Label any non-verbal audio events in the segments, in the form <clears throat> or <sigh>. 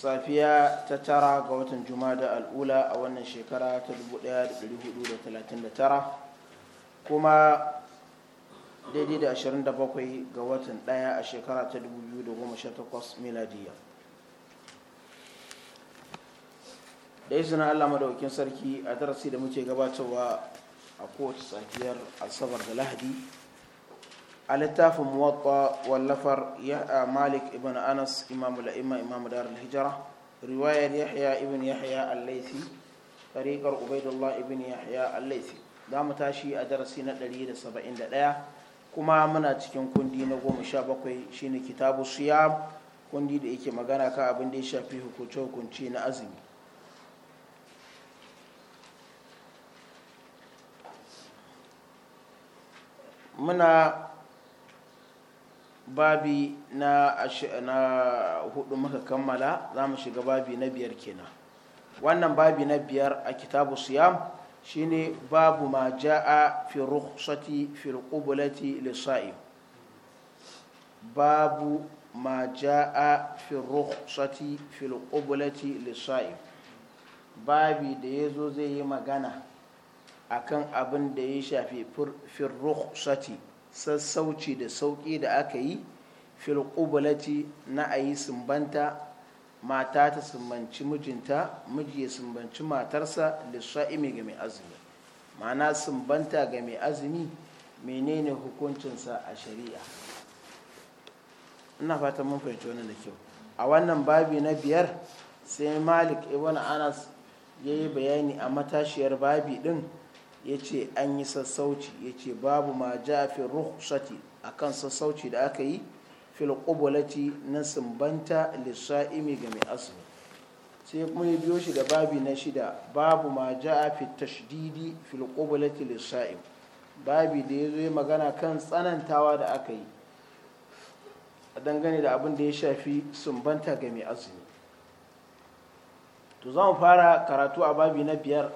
safiya ta tara ga watan jumada al'ula a wannan shekara ta 1439 kuma daidai da 27 ga watan daya a shekara ta 2018 miladiya da izinin allah madaukin sarki a darasi da muke gabatowa a kowace safiyar asabar da lahadi a littafin muwatta wallafar malik ibn anas imamu la'ima imamu darul hijira riwayar yahya ibn yahya al-laisi tariqar ubaidullah ibn yahya al-laisi za mu tashi a darasi na 171 kuma muna cikin kundi na 17 shine kitabu ya kundi da yake magana kan abin da ya shafi hukuncin hukunci na azumi muna babi na hudu muka kammala za mu shiga babi na biyar kenan wannan babi na biyar a kitabu siyam shine babu ma ja'a fi rukhsati fil qublati lisa'im babu ma ja'a fi rukhsati fil qublati lisa'im babi da ya zo zai yi magana akan abin da ya shafi fi rukhsati sassauci da sauƙi da aka yi fil na a yi sumbanta mata ta sumbanci mijinta miji ya sumbanci matarsa lissa'imi ga mai azumi ma'ana sumbanta ga mai azumi menene hukuncinsa a shari'a ina fatan mun fahimci wannan da kyau a wannan babi na biyar sai malik ibn anas ya yi bayani a matashiyar babi din ya ce an yi sassauci ya ce babu ma ja fi a kan sassauci da aka yi fil na sumbanta lissa'imi ga mai azumi sai kuma ya biyo shi da babi na shida babu ma ja fi tashdidi fil qubulati lissa'im babi da ya zo magana kan tsanantawa da aka yi A dangane da abin da ya shafi sumbanta ga mai to za mu fara karatu a babi na biyar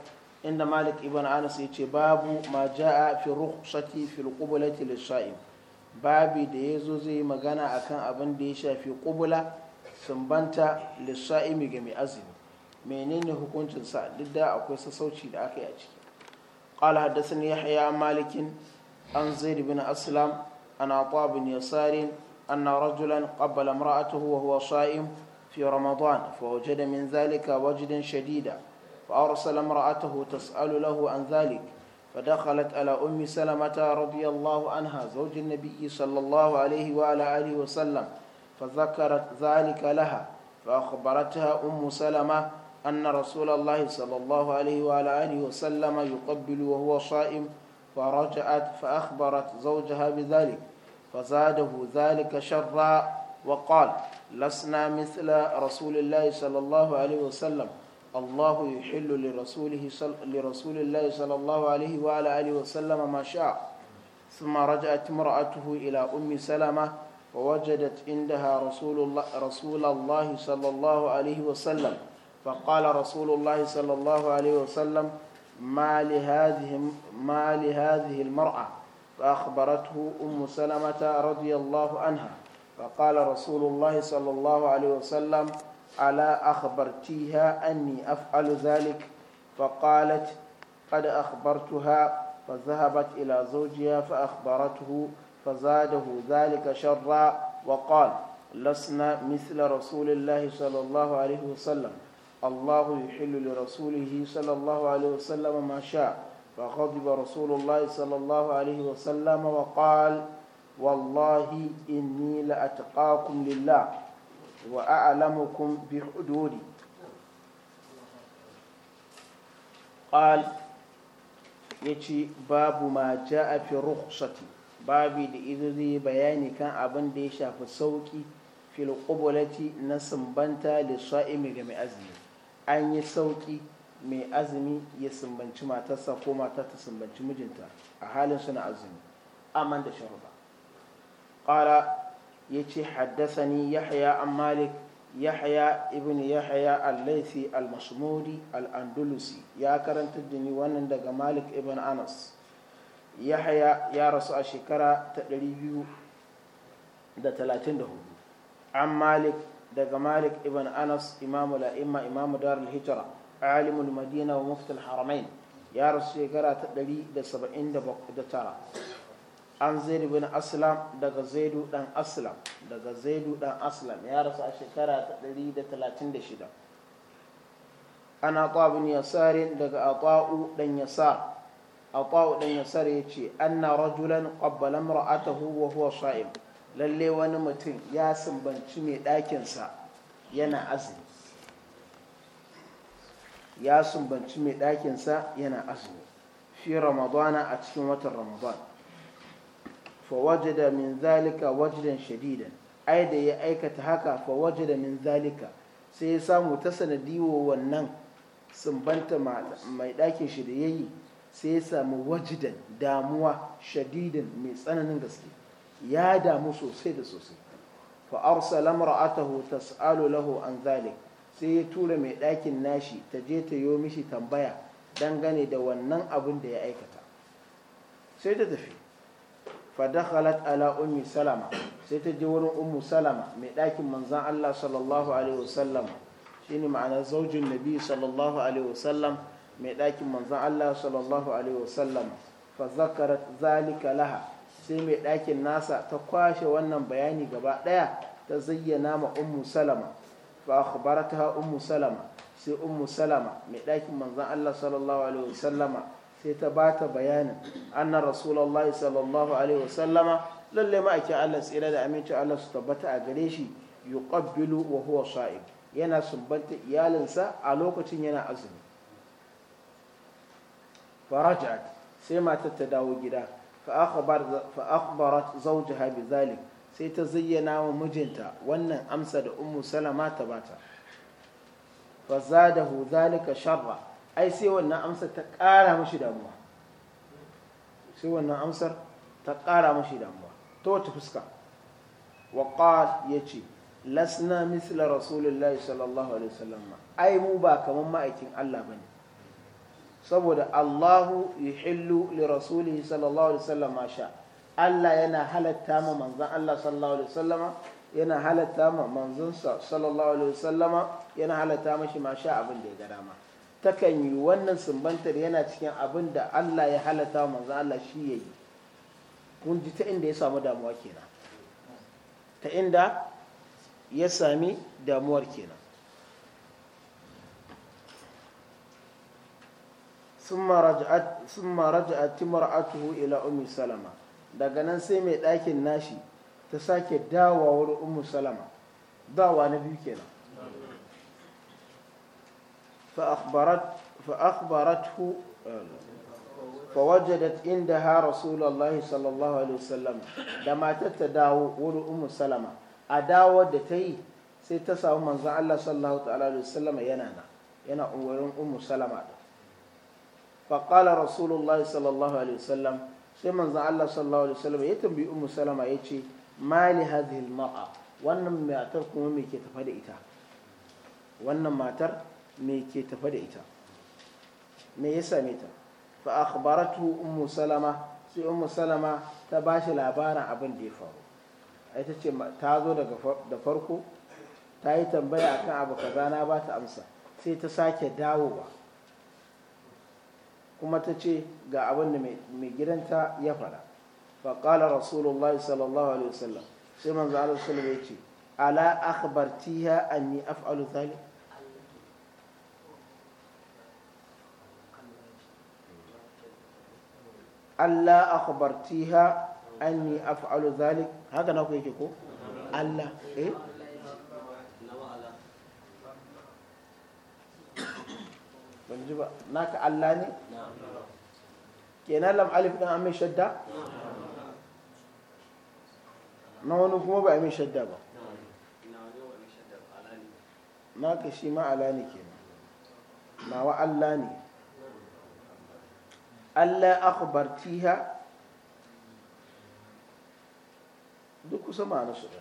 inda malik ibn anas ya ce babu ma ja'a fi rukhsati fil qublati lis babu babi da yazo zai magana akan abin da ya shafi qubla sumbanta lis-sa'imi ga mai azumi menene hukuncin sa duk da akwai sassauci da aka yi a ciki qala haddathani yahya malikin an zaid bin aslam an ata bin yasarin أن رجلا قبل امرأته وهو صائم في رمضان فوجد من ذلك وجدا شديدا فأرسل امرأته تسأل له عن ذلك فدخلت على أم سلمة رضي الله عنها زوج النبي صلى الله عليه وعلى آله وسلم فذكرت ذلك لها فأخبرتها أم سلمة أن رسول الله صلى الله عليه وعلى آله وسلم يقبل وهو صائم فرجعت فأخبرت زوجها بذلك فزاده ذلك شرا وقال لسنا مثل رسول الله صلى الله عليه وسلم الله يحل لرسوله صل... لرسول الله صلى الله عليه وعلى آله وسلم ما شاء ثم رجعت امرأته إلى أم سلمة ووجدت عندها رسول الله, رسول الله صلى الله عليه وسلم فقال رسول الله صلى الله عليه وسلم ما لهذه, ما لهذه المرأة فأخبرته أم سلمة رضي الله عنها فقال رسول الله صلى الله عليه وسلم ألا أخبرتيها أني أفعل ذلك فقالت قد أخبرتها فذهبت إلى زوجها فأخبرته فزاده ذلك شرا وقال لسنا مثل رسول الله صلى الله عليه وسلم الله يحل لرسوله صلى الله عليه وسلم ما شاء فغضب رسول الله صلى الله عليه وسلم وقال والله إني لأتقاكم لله wa a'lamukum bi hududi qal yace babu ma ja'a fi rukhsati babu da izini bayani kan abin da ya shafi sauki fil qubulati na sumbanta da sa'imi ga mai azumi an yi sauki mai azumi ya sumbanci matarsa ko mata ta sumbanci mijinta a halin suna azumi aman da sharuba qala yace haddathani yahya an malik yahya ibn yahya al-laythi al-masmudi al-andalusi ya karanta da ni wannan daga malik ibn anas yahya ya rasu a shekara ta 234 an malik daga malik ibn anas imamu la'imma imamu darul hijra alimul madina wa muftul haramain ya rasu shekara ta 179 an zaidu bin aslam daga zaidu dan aslam daga zaidu dan aslam ya rasu a shekara ta 136 ana kwa bin yasarin daga akwa'u dan yasar Akwau dan yasar yace anna rajulan kwabbalan ra'ata huwa huwa sha'im lalle wani mutum ya sumbanci mai ɗakinsa yana azumi ya sumbanci mai ɗakin yana azumi fi ramadana a cikin watan ramadana فوجد min ذلك وجدا شديدا ai da ya aikata haka fa waje da min zalika sai ya samu ta sanadiwa wannan sumbanta mai ɗakin shi da sai ya samu wajidan damuwa shadidin mai tsananin gaske ya damu sosai da sosai fa arsala mar'atahu tas'alu lahu an zalik sai ya tura mai ɗakin nashi ta je ta yo mishi tambaya dangane da wannan abin da ya aikata sai ta tafi fadakhalat ala ummi salama sai ta je wurin ummu salama mai ɗakin manzan Allah sallallahu alaihi shine ma'ana zaujin nabi sallallahu mai ɗakin manzan Allah sallallahu alaihi wasallam fa zakarat laha sai mai ɗakin nasa ta kwashe wannan bayani gaba ɗaya ta zayyana ma ummu salama fa akhbarataha ummu salama sai ummu salama mai ɗakin manzan Allah sallallahu sai ta ba ta bayanin annan rasulullahi sallallahu alaihi wasallama lalle ma'aikin Allah tsira da amincin Allah su tabbata a gare shi yuqabbilu wa huwa sha'ib yana sumbanta iyalinsa a lokacin yana azumi farajat sai matar ta dawo gida fa akhbarat zawjaha bidhalik sai ta zayyana wa mijinta wannan amsa da ummu salama ta bata fa zadahu dhalika sharra ai sai wannan amsar ta ƙara mashi damuwa sai wannan amsar ta ƙara mashi damuwa ta wata fuska waƙas ya ce lasna misla rasulullahi sallallahu alaihi wasallam ai mu ba kamar ma'aikin Allah ba ne saboda Allahu yuhillu li rasulihi sallallahu alaihi wasallam sha Allah yana halatta ma manzon Allah sallallahu alaihi wasallam yana halatta ma manzonsa sallallahu alaihi wasallama yana halatta mashi ma sha abin da ya ga dama takan yi wannan sumbantar yana cikin abin da Allah ya halatta maza Allah shi ya yi kun ji ta inda ya samu damuwa kenan ta inda ya sami damuwar kenan a timar atuhu ila umu salama daga nan sai mai ɗakin nashi ta sake dawawar wurin salama dawa na biyu kenan فأخبرت فأخبرته فوجدت عندها رسول الله صلى الله عليه وسلم لما تتداو ولو أم سلمة أداوة دتي سيتساو من الله صلى الله عليه وسلم ينانا ينا أم سلمة فقال رسول الله صلى الله عليه وسلم سيما الله صلى الله عليه وسلم يتنبي أم سلمة يتشي ما لهذه المرأة وأنما ما تركم ومي كتفادئتها وأنما ما تركم me ke tafa da ita me ya same ta fa akhbaratu ummu salama sai ummu salama ta bashi labarin abin da ya faru ai ta ce ta zo daga da farko ta yi tambaya akan abu kaza na ba ta amsa sai ta sake dawowa kuma ta ce ga abin da mai gidanta ya faɗa fa qala rasulullahi sallallahu alaihi wasallam sai manzo Allah sallallahu ya ce ala akhbartiha anni af'alu thalik Allah akhbartiha zalik haka na ku yake ko Allah eh ban ji ba naka Allah ne kenan alif amin shadda na wani kuma ba amin shadda ba ka shi ma ne kenan nawa Allah ne Allah akhbartiha duk kusa ma'ana su da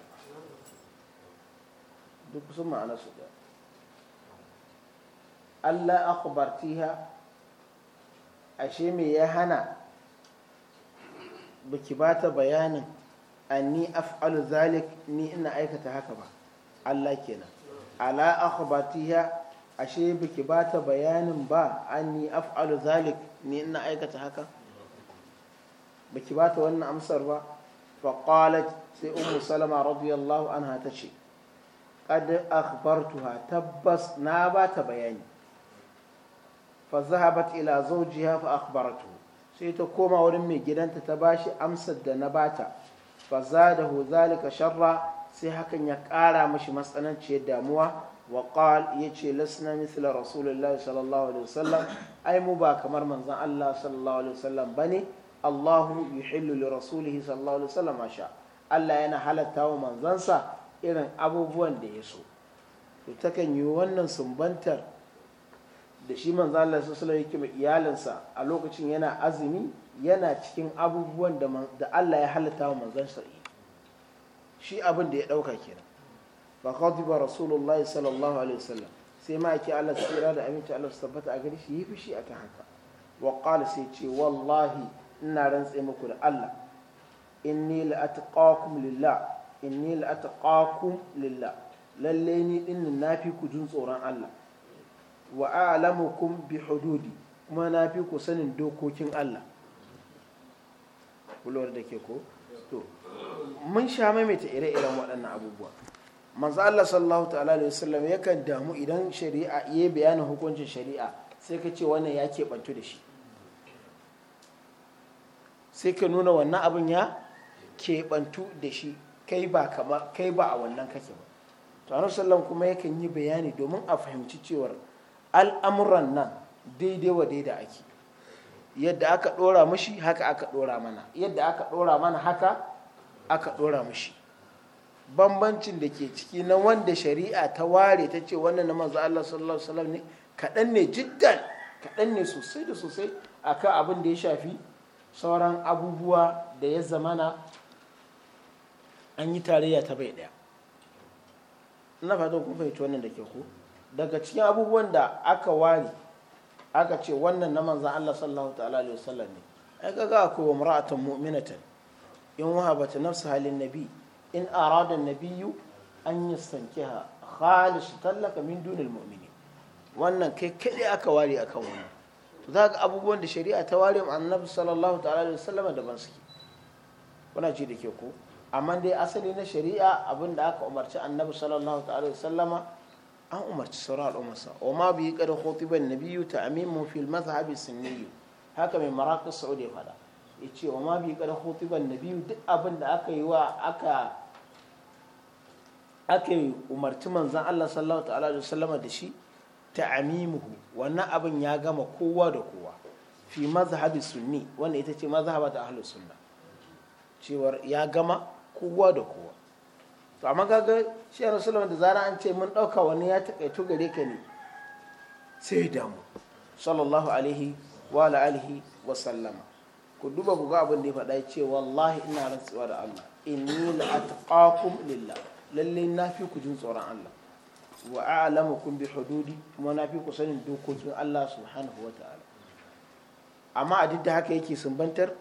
duk kusa ma'ana su da Allah akhbartiha ashe me ya hana baki bata bayanin anni af'alu zalik ni ina aikata haka ba Allah kenan ala akhbartiha ashe baki ba ta bayanin ba anni af'alu zalik ni ina aikata haka baki ba ta wannan amsar ba faqalat sai ummu salama radiyallahu anha ta ce qad akhbartuha tabbas na ba ta bayani fa zahabat ila zawjiha fa akhbaratu sai ta koma wurin mai gidanta ta bashi amsar da na bata fa zadahu zalika sharra sai hakan ya kara mashi matsananciyar damuwa wa ya ce lasna mithla rasulillahi sallallahu alaihi wasallam ai mu ba kamar manzan Allah sallallahu alaihi wasallam ne, Allahu yuhillu li rasulihi sallallahu alaihi wasallam masha Allah yana halatta wa manzansa irin abubuwan da ya so, to takan yi wannan sumbantar da shi manzon Allah sallallahu alaihi wasallam yake iyalinsa a lokacin yana azumi yana cikin abubuwan da Allah ya halatta wa manzansa shi abin ya dauka kenan fa ghadiba rasulullahi sallallahu alaihi wasallam sai ma ake Allah tsira da aminci Allah su tabbata a gare shi yi fushi akan haka wa qala sai ce wallahi ina rantse muku da Allah inni la'atqakum lillah inni la'atqakum lillah lalle ni din na fi ku jin tsoron Allah wa a'lamukum bi hududi kuma na fi ku sanin dokokin Allah kulwar da ke ko to mun sha maimaita ire-iren waɗannan abubuwa manzo Allah sallallahu ta'ala alaihi wasallam yakan damu idan shari'a yayi bayanin hukuncin shari'a sai ka ce wannan ya bantu da shi sai ka nuna wannan abun ya kebantu da shi kai ba kama kai ba a wannan kake ba to annabi sallallahu kuma yakan yi bayani domin a fahimci cewar al'amuran nan daidai wa daida ake yadda aka ɗora mashi haka aka ɗora mana yadda aka ɗora mana haka aka ɗora mashi bambancin da ke ciki na wanda shari'a ta ware ta ce wannan na manzo Allah sallallahu alaihi wasallam ne kaɗan ne jiddan kaɗan ne sosai da sosai akan abin da ya shafi sauran abubuwa da ya zamana an yi tarayya ta bai ɗaya na fata kun fahimci wannan da ke ku daga cikin abubuwan da aka ware aka ce wannan na manzan Allah sallallahu alaihi wasallam ne ai kaga akwai wa mu'minatan in wahabata nafsu halin nabi in arada nabiyyu an ha khalish tallaka min dunil mu'mini wannan kai kaɗai aka ware a wani to za ga abubuwan da shari'a ta ware mu annabi sallallahu ta'ala alaihi sallama da ban suke kuna ji da ke ko amma dai asali na shari'a abin da aka umarci annabi sallallahu ta'ala alaihi sallama, an umarci sauran al'ummarsa wa ma bi qad khutiba nabiyyu ta'mimu fil madhhab sunni haka mai maraqis saudi fada yace wa ma bi kada khutiba nabiyyu duk abin da aka yi wa aka aka umarci manzan Allah sallallahu ta'ala wasallama da shi amimuhu wannan abin ya gama kowa da kowa fi mazhabi sunni wanda ita ce mazhaba ta ahlus sunna cewar ya gama kowa da kowa to amma kaga shi ya sallallahu da zara an ce mun dauka wani ya takaito gare ka ne sai da mu sallallahu alaihi wa alihi wa sallama ku duba ku ga abin da ya faɗa ya ce wallahi ina rantsuwa da Allah inni la atqakum lillah Lallai na fi ku jin tsoron Allah wa kun bi hududi kuma na fi ku sanin dokokin Allah subhanahu ta'ala amma a duk da haka yake sumbantar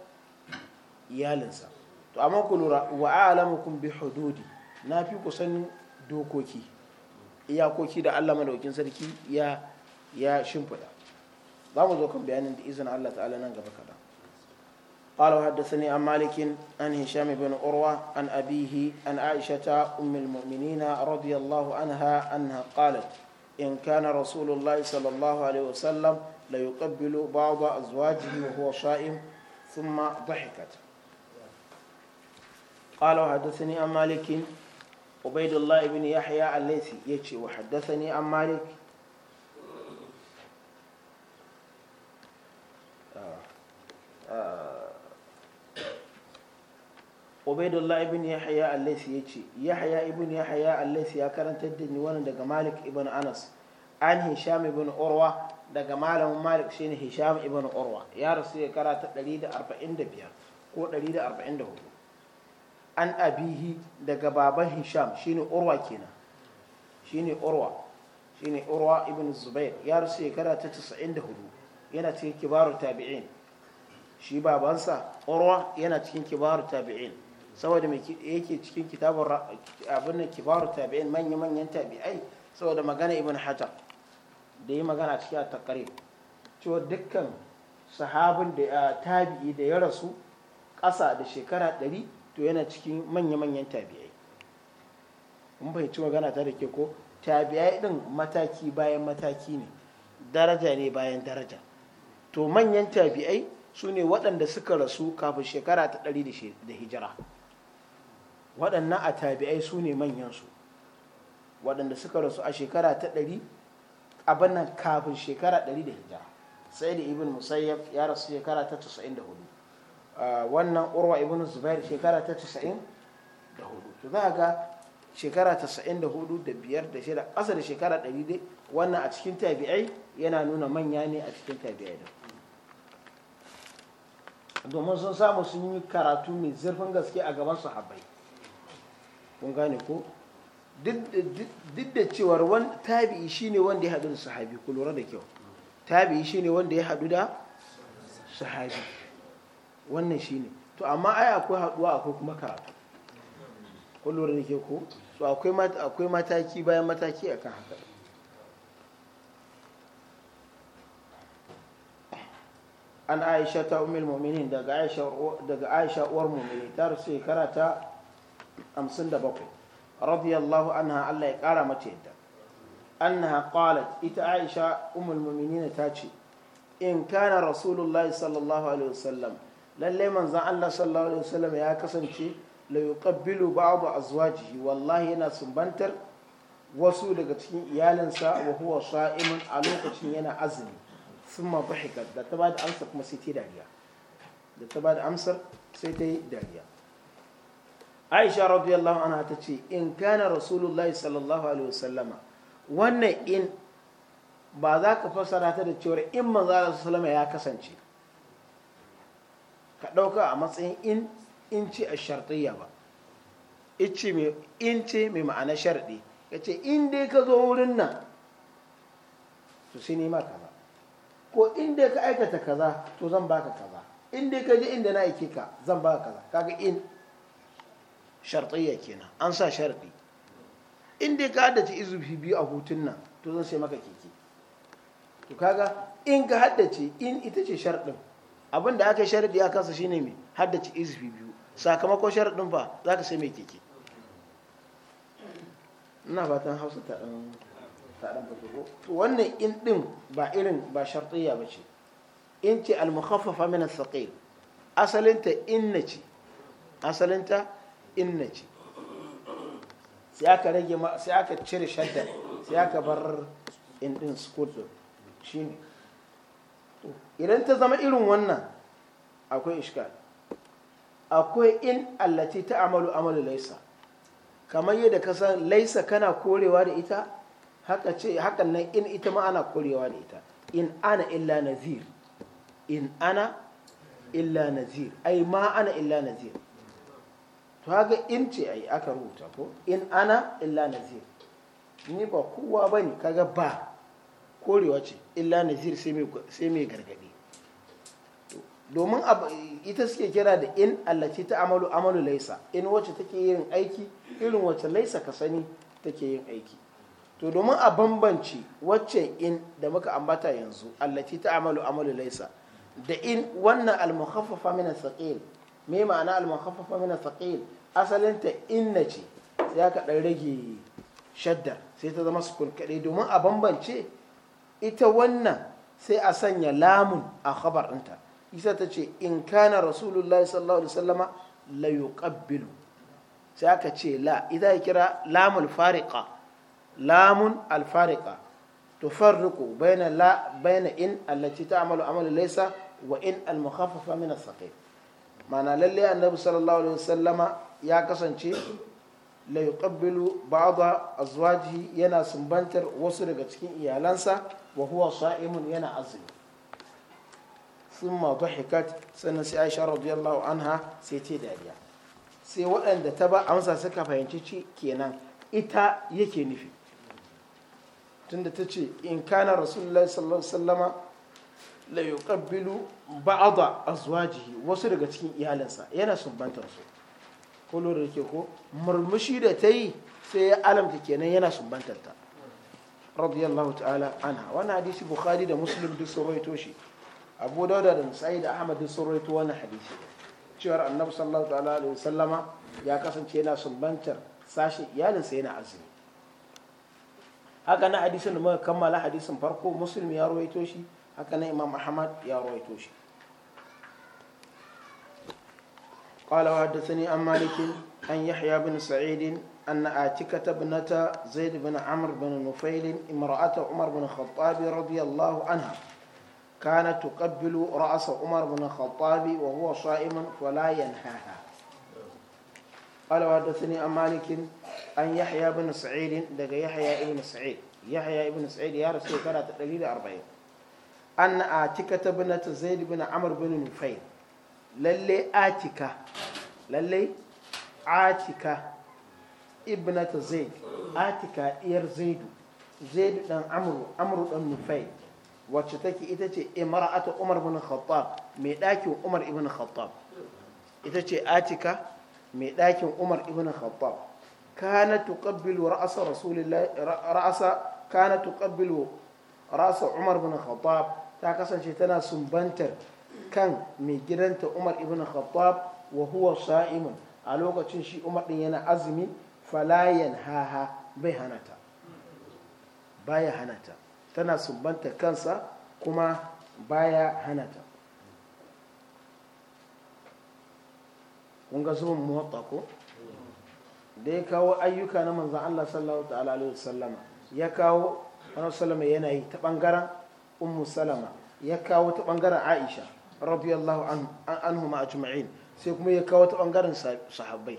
iyalinsa to amma ku lura wa a'lamukum bi hududi na fi ku sanin dokoki iyakoki da Allah madaukin sarki ya ya shimfida za mu zo kan bayanin da izinin Allah ta'ala nan gaba kaɗan قال وحدثني عن مالك عن هشام بن عروة عن أبيه عن عائشة أم المؤمنين رضي الله عنها أنها قالت إن كان رسول الله صلى الله عليه وسلم ليقبل بعض أزواجه وهو صائم ثم ضحكت قال وحدثني عن مالك عبيد الله بن يحيى الليثي يجي وحدثني عن مالك ubaidullah ibn yahya al ya ce, yahya ibn yahya al-laysi ya karanta da ni wani daga malik ibn anas an hisham ibn urwa daga malamin malik shine hisham ibn urwa ya rasu ya karata 145 ko 144 an abihi daga baban hisham shine urwa kenan shine urwa shine urwa ibn zubair ya rasu ya karata 94 yana cikin kibarut tabi'in shi babansa urwa yana cikin kibarut tabi'in saboda mai yake cikin kitabun abin da kibaru tabi'in manya-manyan tabi'ai saboda magana ibn hajar da yi magana cikin a takare cewa dukkan sahabin da ya tabi'i da ya rasu ƙasa da shekara ɗari to yana cikin manya-manyan tabi'ai bai fahimci magana ta da ke ko tabi'ai ɗin mataki bayan mataki ne daraja ne bayan daraja to manyan tabi'ai su ne waɗanda suka rasu kafin shekara ta ɗari da hijira waɗannan a tabi'ai su ne manyansu waɗanda suka rasu a shekara ta ɗari abin nan kafin shekara ɗari da hijira sai da ibn musayyab ya rasu shekara ta casa'in da hudu ah, wannan urwa ibn zubair shekara ta casa'in da hudu to za ga shekara casa'in da hudu da biyar da shida ƙasa da shekara ɗari dai wannan a cikin tabi'ai yana nuna manya ne a cikin tabi'ai da domin sun samu sun yi karatu mai zurfin gaske a gaban sahabbai kun gane ko duk da cewar wani tabi'i shine wanda ya haɗu da sahabi ku lura da kyau tabi'i shine wanda ya haɗu da sahabi wannan shine to amma ai akwai haɗuwa akwai kuma karatu ku lura da kyau ko so akwai mataki bayan mataki akan haka an aisha ta umar mummini daga aisha uwar mummini ta rasu shekara ta hamsin da bakwai radiyallahu anha Allah ya kara mata yadda annaha qalat ita Aisha ummul mu'minin ta ce in kana rasulullahi sallallahu alaihi wasallam lalle manzon Allah sallallahu alaihi wasallam ya kasance la yuqabbilu ba'd azwajihi wallahi yana sumbantar wasu daga cikin iyalinsa wa huwa sha'imun a lokacin yana azumi thumma dhahikat da ta bada amsa kuma sai ta dariya da ta bada amsar sai ta yi dariya aisha radiyallahu anha ta ce in kana rasulullahi sallallahu alaihi wasallama wannan in ba za ka fassara ta da cewar in manzo sallama ya kasance ka ɗauka a matsayin in in ce a shartiyya ba in ce mai ma'ana sharɗi ya ce in dai ka zo wurin nan to sai nema kaza ko in dai ka aikata kaza to zan baka kaza in dai ka je inda na aike ka zan baka kaza kaga in shartiyya kenan an sa sharɗi in dai ka haddace izufi biyu a hutun nan to zan sai maka keke to kaga in ka haddace in ita ce sharɗin abin da aka sharɗi a kansa shine mai haddace izufi biyu sakamakon sharɗin fa za ka sai mai keke ina fatan hausa ta ɗan taɗan fito to wannan in ɗin ba irin ba sharɗiyya ba ce in ce al-mukhaffafa min as asalinta ce asalinta In na ce sai aka rage ma sai aka cire shaddan sai aka bar in din sukut din shine idan ta zama irin wannan akwai iskal akwai in allati ta amalu amalu laisa kamar yadda ka san laisa kana korewa da ita haka ce hakan nan in ita ma ana korewa da ita in ana illa nazir in ana illa nazir ai ma ana illa nazir to haka in ce ai aka rubuta ko in ana illa nazir ni ba kowa ba ne kaga ba korewa ce illa nazir sai mai gargadi domin ita suke kira da in allaci ta amalu amalu laisa in wacce take yin aiki irin wacce laisa ka sani take yin aiki to domin a bambanci wacce in da muka ambata yanzu allaci ta amalu amalu laisa da in wannan almuhaffafa mina as me ma'ana al-mukhaffafa min al-thaqil asalin ta inna ce sai aka dan rage shaddar sai ta zama sukun kadai domin a bambance ita wannan sai a sanya lamun a khabar ɗinta isa ta ce in kana rasulullahi sallallahu alaihi wasallama la yuqabbilu sai aka ce la idan kira lamul fariqa lamun al fariqa tufarriqu baina la bayna in allati ta'malu amalan laysa wa in al mukhaffafa min as-saqil mana lalle annabi sallallahu alaihi wasallama ya kasance la yuqabbilu ba'dha azwajihi yana sumbantar wasu daga cikin iyalansa wa huwa sa'imun yana azumi thumma dhahikat sannan sai Aisha radiyallahu anha sai ce dariya sai waɗanda ta ba amsa suka fahimci ci kenan ita yake nufi tunda ta ce in kana rasulullahi sallallahu alaihi wasallama la yuqabbilu ba'da azwajihi wasu daga cikin iyalansa yana sumbantar su ko lura ke ko murmushi da ta yi sai ya alamta kenan yana sumbantar ta radiyallahu ta'ala anha wannan hadisi bukhari da muslim duk sun rawaito shi abu dauda da nasai da ahmad duk sun rawaito wannan hadisi cewar annabi sallallahu ta'ala alaihi wasallama ya kasance yana sumbantar sashen iyalinsa yana azumi haka na hadisin da muka kammala hadisin farko muslim ya rawaito shi haka nan imam يا ya rawaito قال وحدثني أم مالك أن يحيى بن سعيد أن آتكة ابنة زيد بن عمرو بن نفيل امرأة عمر بن الخطاب رضي الله عنها كانت تقبل رأس عمر بن الخطاب وهو صائم فلا ينهاها قال وحدثني أم مالك أن يحيى بن سعيد دق يحيى ابن سعيد يحيى ابن سعيد يا رسول الله أربعين an atika ta bin ta zaid bin amr bin nufai lalle atika lalle atika ibnata zaid atika iyar zaidu zaidu dan amru amru dan nufai wacce take ita ce ata umar bin khattab mai dakin umar ibn khattab ita ce atika mai dakin umar ibn khattab kana tuqabbilu ra'sa rasulillahi ra'sa kana tuqabbilu rasa umar bin khattab ta kasance tana sumbantar kan mai gidanta umar ibn khattab wa huwa sa'imun a lokacin shi umar din yana azumi falayan haha bai hanata baya hanata tana sumbanta kansa kuma baya hanata kun ga zuwan muwatta ko da ya kawo ayyuka na manzan Allah sallallahu ta'ala alaihi wasallama ya kawo annabi sallama yana yi ta bangaren ummu salama ya kawo ta bangaren aisha radiyallahu anhu ma ajma'in sai kuma ya kawo ta bangaren sahabbai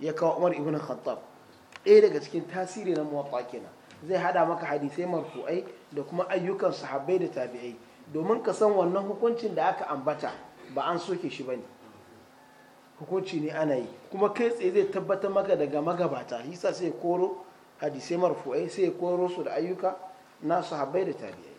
ya kawo umar ibn khattab ɗaya daga cikin tasiri na muwatta kenan zai hada maka hadisai marfu'ai da kuma ayyukan sahabbai da tabi'ai domin ka san wannan hukuncin da aka ambata ba an soke shi bane hukunci ne ana yi kuma kai tsaye zai tabbatar maka daga magabata hisa sai koro hadisai marfu'ai sai ya koro su da ayyuka na sahabbai da tabi'ai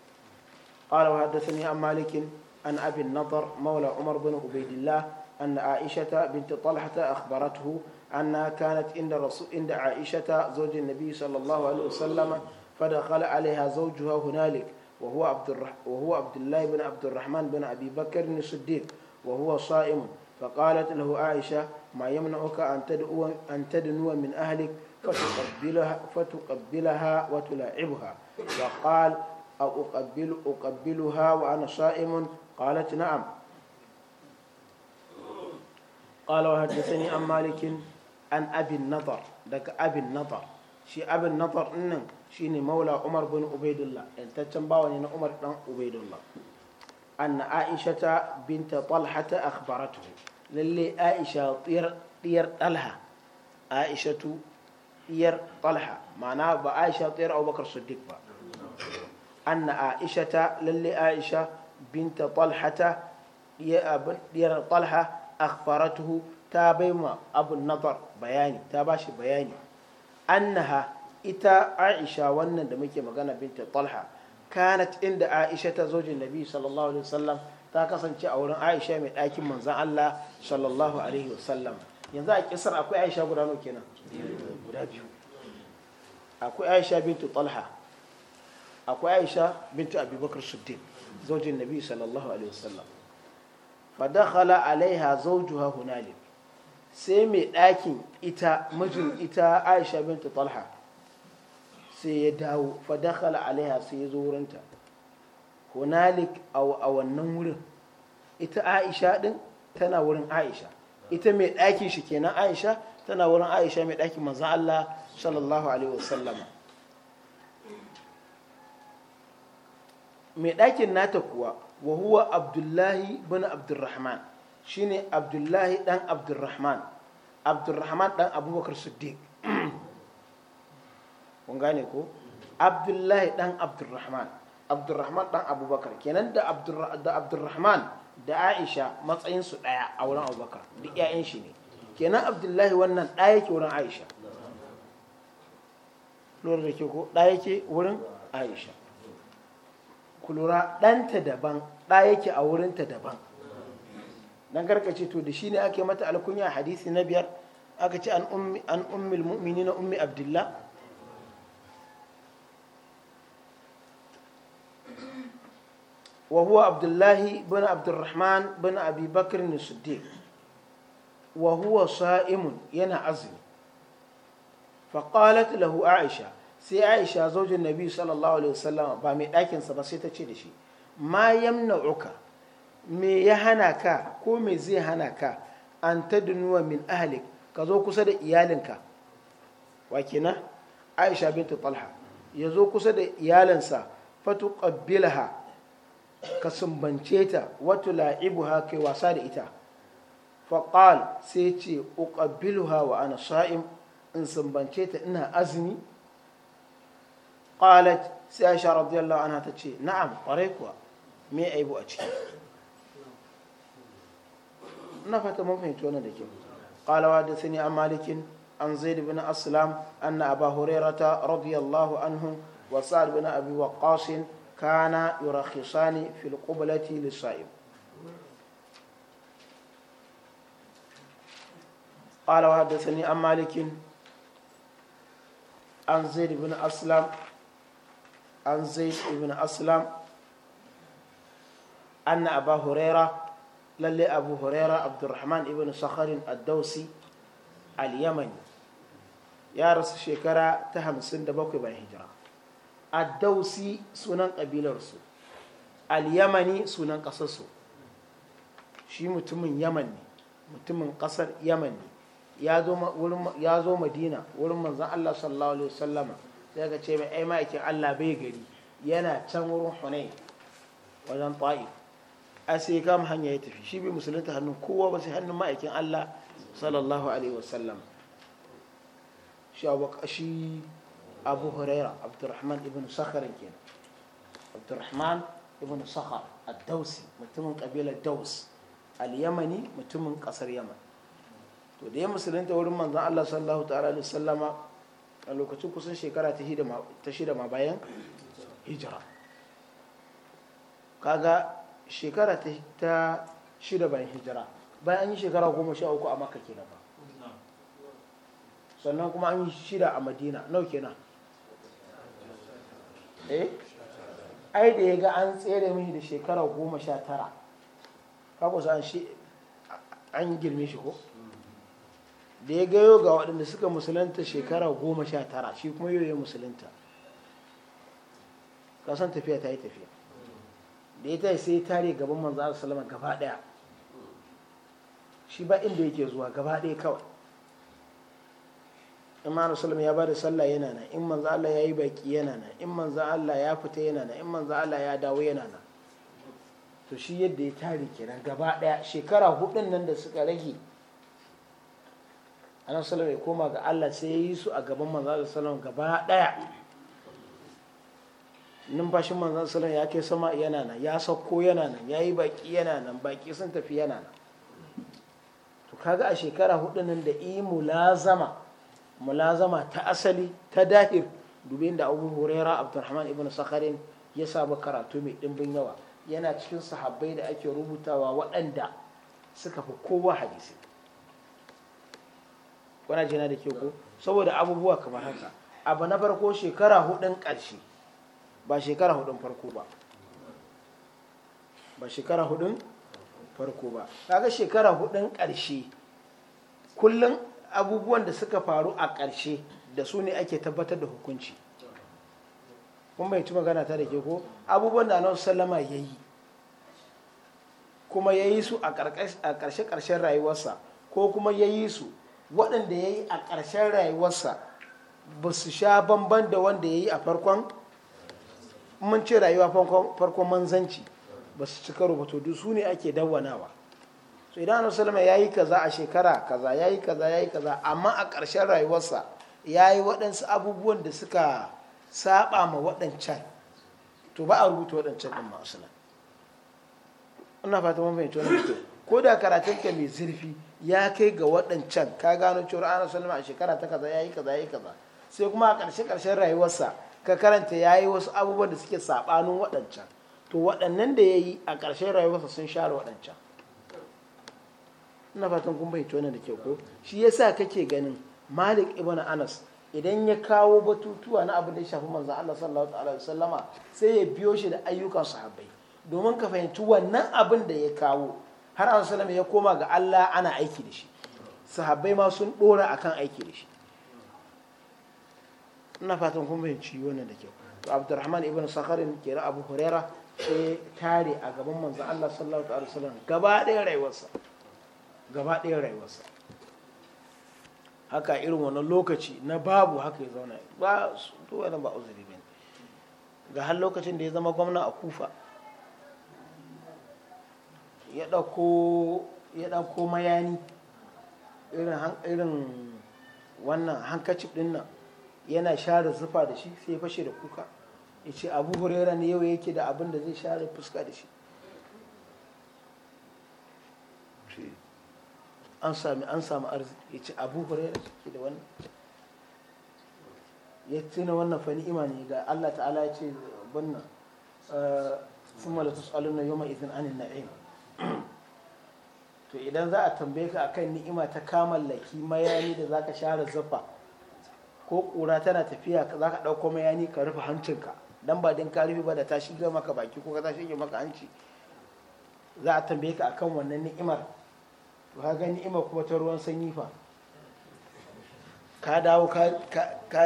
qala wa haddathani an malikin an abi nadar maula umar bin ubaidillah أن عائشة بنت طلحة أخبرته أنها كانت عند رسول عند عائشة زوج النبي صلى الله عليه وسلم فدخل عليها زوجها هنالك وهو عبد الرح... وهو عبد الله بن عبد الرحمن بن أبي بكر الصديق وهو صائم فقالت له عائشة ما يمنعك أن تدعو أن تدنو من أهلك فتقبلها, فتقبلها وتلاعبها وقال أو أقبل أقبلها وأنا صائم قالت نعم قال وحدثني عن مالك عن أبي النضر ذاك أبي النضر شي أبي النضر إنن شي مولى عمر بن عبيد الله أنت تنباوني عمر بن عبيد الله أن عائشة بنت طلحة أخبرته للي عائشة طير طير طلحة عائشة diyar talha ma'ana ba aisha diyar abubakar siddiq ba anna aisha ta lalle aisha binta talhata diyar talha akhbaratuhu ta ma abun nazar bayani ta bashi bayani annaha ita aisha wannan da muke magana binta talha kanat inda aisha ta zojin nabi sallallahu alaihi wasallam ta kasance a wurin aisha mai ɗakin manzan allah sallallahu alaihi wasallam yanzu a kisar akwai aisha guda nawa kenan guda biyu akwai aisha bintu talha akwai aisha bintu abubakar siddiq zaujin nabi sallallahu alaihi wasallam fadakhala alaiha zawjuha hunali sai mai ɗakin ita mijin ita aisha bintu talha sai ya dawo fadakhala alaiha sai ya zo wurinta hunalik a wannan wurin ita aisha din tana wurin aisha ita mai ɗakin shi kenan aisha tana wurin aisha mai ɗakin manzan allah sallallahu alaihi wasallama mai ɗakin nata kuwa wa huwa abdullahi bin abdurrahman shine abdullahi dan abdurrahman abdurrahman dan abubakar siddiq <clears throat> kun gane ko abdullahi dan abdurrahman abdurrahman dan abubakar kenan da abdurrahman da aisha matsayinsu ɗaya a wurin abubakar duk 'ya'yan shi ne kenan abdullahi wannan ɗaya ke wurin aisha lura da ke ko ɗaya ke wurin aisha ku lura ɗanta daban ɗaya ke a wurinta daban dan karkace to da shi ne ake mata alkunya hadisi na biyar aka ce an ummil mu'minina ummi abdullah وهو عبد الله بن عبد الرحمن بن أبي بكر الصديق وهو صائم ينا عزم فقالت له عائشة سي عائشة زوج النبي صلى الله عليه وسلم بامي لكن سبسيتة شيء ما يمنعك me ya hana ka ko me zai hana ka an ta dunuwa min ahalik ka zo kusa da iyalinka wa aisha bintu talha ya zo kusa da iyalinsa fatu qabbilaha ka sumbance ta wato la'ibu ha kai wasa da ita faƙal sai ce uƙabiluha wa ana sha'im in sumbance ta ina azumi ƙalat sai aisha radiyallahu ana ta ce na'am ƙwarai kuwa me aibu a ciki Ina fata mun fahimci wannan da ke qalawa da sani an malikin an zaid bin aslam anna aba hurairata radiyallahu anhu wa sa'ad bin abi waqqas kana yurakhisani fil qublati lisaim qala hadathani am malik an zaid ibn aslam an zaid ibn aslam an abu huraira lalle abu huraira abdurrahman ibn sakharin ad-dawsi al-yamani ya rasu shekara ta hamsin da 57 bayan hijira addausi sunan ƙabilarsu al-yamani sunan ƙasarsu shi mutumin yaman ne mutumin ƙasar yaman ne ya zo madina wurin manzan allah sallallahu alaihi wasallama sai ka ce mai ai allah bai gari yana can wurin hunai wajen ta'if a sai kama hanya ya tafi shi bai musulunta hannun kowa ba sai hannun ma'aikin allah sallallahu alaihi wasallama shi abu huraira abdurrahman ibn sakharin kenan abdurrahman ibn sakhar ad-dausi mutumin kabilar daus al-yamani mutumin kasar yaman to da ya musulunta wurin manzon Allah sallallahu ta'ala alaihi sallama a lokacin kusan shekara ta shida ma bayan hijira kaga shekara ta shida bayan hijira bayan an yi shekara goma sha uku a maka na ba sannan kuma an yi shida a madina nau kenan eh ai da ya ga an tsere mishi da shekara goma sha tara kaku sa an girme shi ko da ya gayo ga waɗanda suka musulunta shekara goma sha tara shi kuma yau ya musulunta kasan tafiya ta yi tafiya da ya yi sai tare gaban manzara salama gaba daya shi ba inda yake zuwa gaba daya kawai in ma ya bada sallah yana nan in manzo Allah ya yi baki yana nan in manzo Allah ya fita yana nan in manzo Allah ya dawo yana nan to shi yadda ya tare kenan gaba daya shekara hudun nan da suka rage anan salam ya koma ga Allah sai ya yi su a gaban manzo salam gaba daya numfashin manzo salam ya kai sama yana nan ya sauko yana nan ya yi baki yana nan baki sun tafi yana nan to kaga a shekara hudun nan da i lazama mulazama ta asali ta dahir dubin da abu huraira abdurrahman ibn sakharin ya samu karatu mai dimbin yawa yana cikin sahabbai da ake rubutawa waɗanda suka fi kowa hadisi kuna jina da ke ko saboda abubuwa kamar haka abu na farko shekara hudun ƙarshe ba shekara hudun farko ba ba shekara hudun farko ba kaga shekara hudun ƙarshe kullum abubuwan da suka faru a ƙarshe da su ne ake tabbatar da hukunci kuma yanci magana ta da ke ko abubuwan da anan sallama ya yi kuma ya yi su a ƙarshe-ƙarshen rayuwarsa ko kuma ya yi su waɗanda ya yi a ƙarshen rayuwarsa ba su sha bamban da wanda ya yi a farkon mun ce rayuwa farkon manzanci ba su cika rubutu su ne ake dawwanawa to idan annabi sallama yi kaza a shekara kaza ya yi kaza ya yi kaza amma a ƙarshen rayuwarsa ya yi waɗansu abubuwan da suka saba ma waɗancan to ba a rubuta waɗancan ɗin ma asalan ina fata mun fahimci wannan mutum ko da karatun ka mai zurfi ya kai ga waɗancan ka gano cewar ana sallama a shekara ta kaza ya yi kaza ya yi kaza sai kuma a ƙarshe ƙarshen rayuwarsa ka karanta ya yi wasu abubuwan da suke saɓanin waɗancan to waɗannan da ya yi a ƙarshen rayuwarsa sun share waɗancan ina fatan kun bai tona da ke ko shi yasa kake ganin malik ibn anas idan ya kawo batutuwa na abin da ya shafi manzan Allah sallallahu alaihi wasallama sai ya biyo shi da ayyukan sahabbai domin ka fahimci wannan abin da ya kawo har an salama ya koma ga Allah ana aiki da shi sahabbai ma sun dora akan aiki da shi ina fatan kun fahimci wannan da kyau to Abdurrahman ibn Sakharin kira Abu Huraira sai tare a gaban manzan Allah sallallahu alaihi wasallam gaba ɗaya rayuwarsa gaba ɗaya rayuwarsa haka irin wani lokaci na babu haka ya zauna ba bane ga har lokacin da ya zama gwamna a kufa ya ɗauko mayani irin wannan hankacin ɗin nan yana share zufa da shi sai ya fashe da kuka ya ce abu hurera ne yau yake da abin da zai share fuska da shi an sami an sami arziki ya ce abu huraira ke da wannan ya tuna wannan fani imani ga Allah ta'ala ya ce bunna da eh, tusalun na yoma izin anin na'im <clears throat> to idan za a tambaye ka akan ni'ima ta kamallaki mayani da zaka share zuffa ko kura tana tafiya za ka ɗauko mayani ka rufe hancinka dan ba din ka rufe ba da ta shiga maka baki ko ka ta maka hanci za a tambaye ka akan wannan ni'imar ka ga ni'ima kuma ta ruwan sanyi fa ka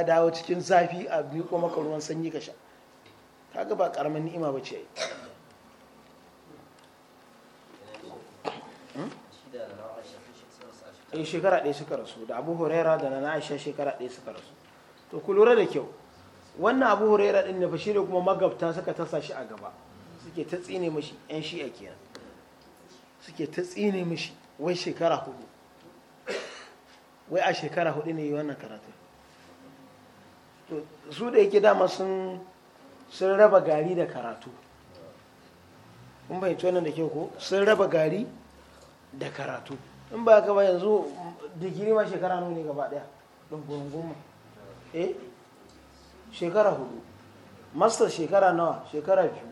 dawo cikin zafi a biyu kuma ka ruwan sanyi ka sha kaga ba karamin ni'ima ba ce yi hmm? eh, shekara ɗaya suka rasu da abu huraira da na aisha shekara ɗaya suka rasu to ku lura da kyau wannan abu huraira ɗin na fashi da kuma magabta suka tasa shi a gaba suke ta tsine mashi yan shi'a kenan suke ta tsine mashi wai shekara hudu wai a shekara hudu ne yi wannan karatun su da yake dama sun sun raba gari da karatu in bai wannan da kyau ko sun raba gari da karatu in ba ka ba yanzu digiri ma shekara nuna ne gaba daya ɗungurin goma eh shekara hudu master shekara nawa shekara biyu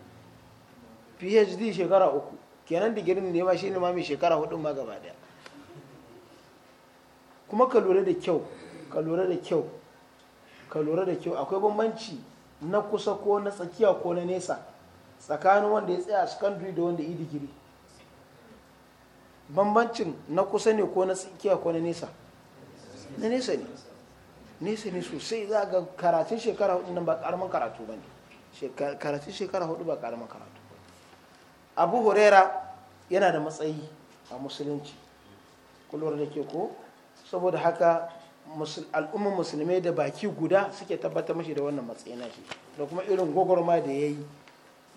phd shekara uku kenan digirin ne ma shine ma mai shekara hudu ma gaba daya kuma ka lura da kyau ka lura da kyau ka lura da kyau akwai bambanci na kusa ko na tsakiya ko na nesa tsakanin wanda ya tsaya a secondary da wanda yi digiri bambancin na kusa ne ko na tsakiya ko na nesa na nesa ne nesa ne sosai za ga karatun shekara hudu nan ba karamin karatu ba ne karatun shekara hudu ba karamin karatu abu huraira yana da matsayi a musulunci kulwar da ke ko saboda haka al'ummar musulmai da baki guda suke tabbatar mashi da wannan matsayi da kuma irin gwagwarma da ya yi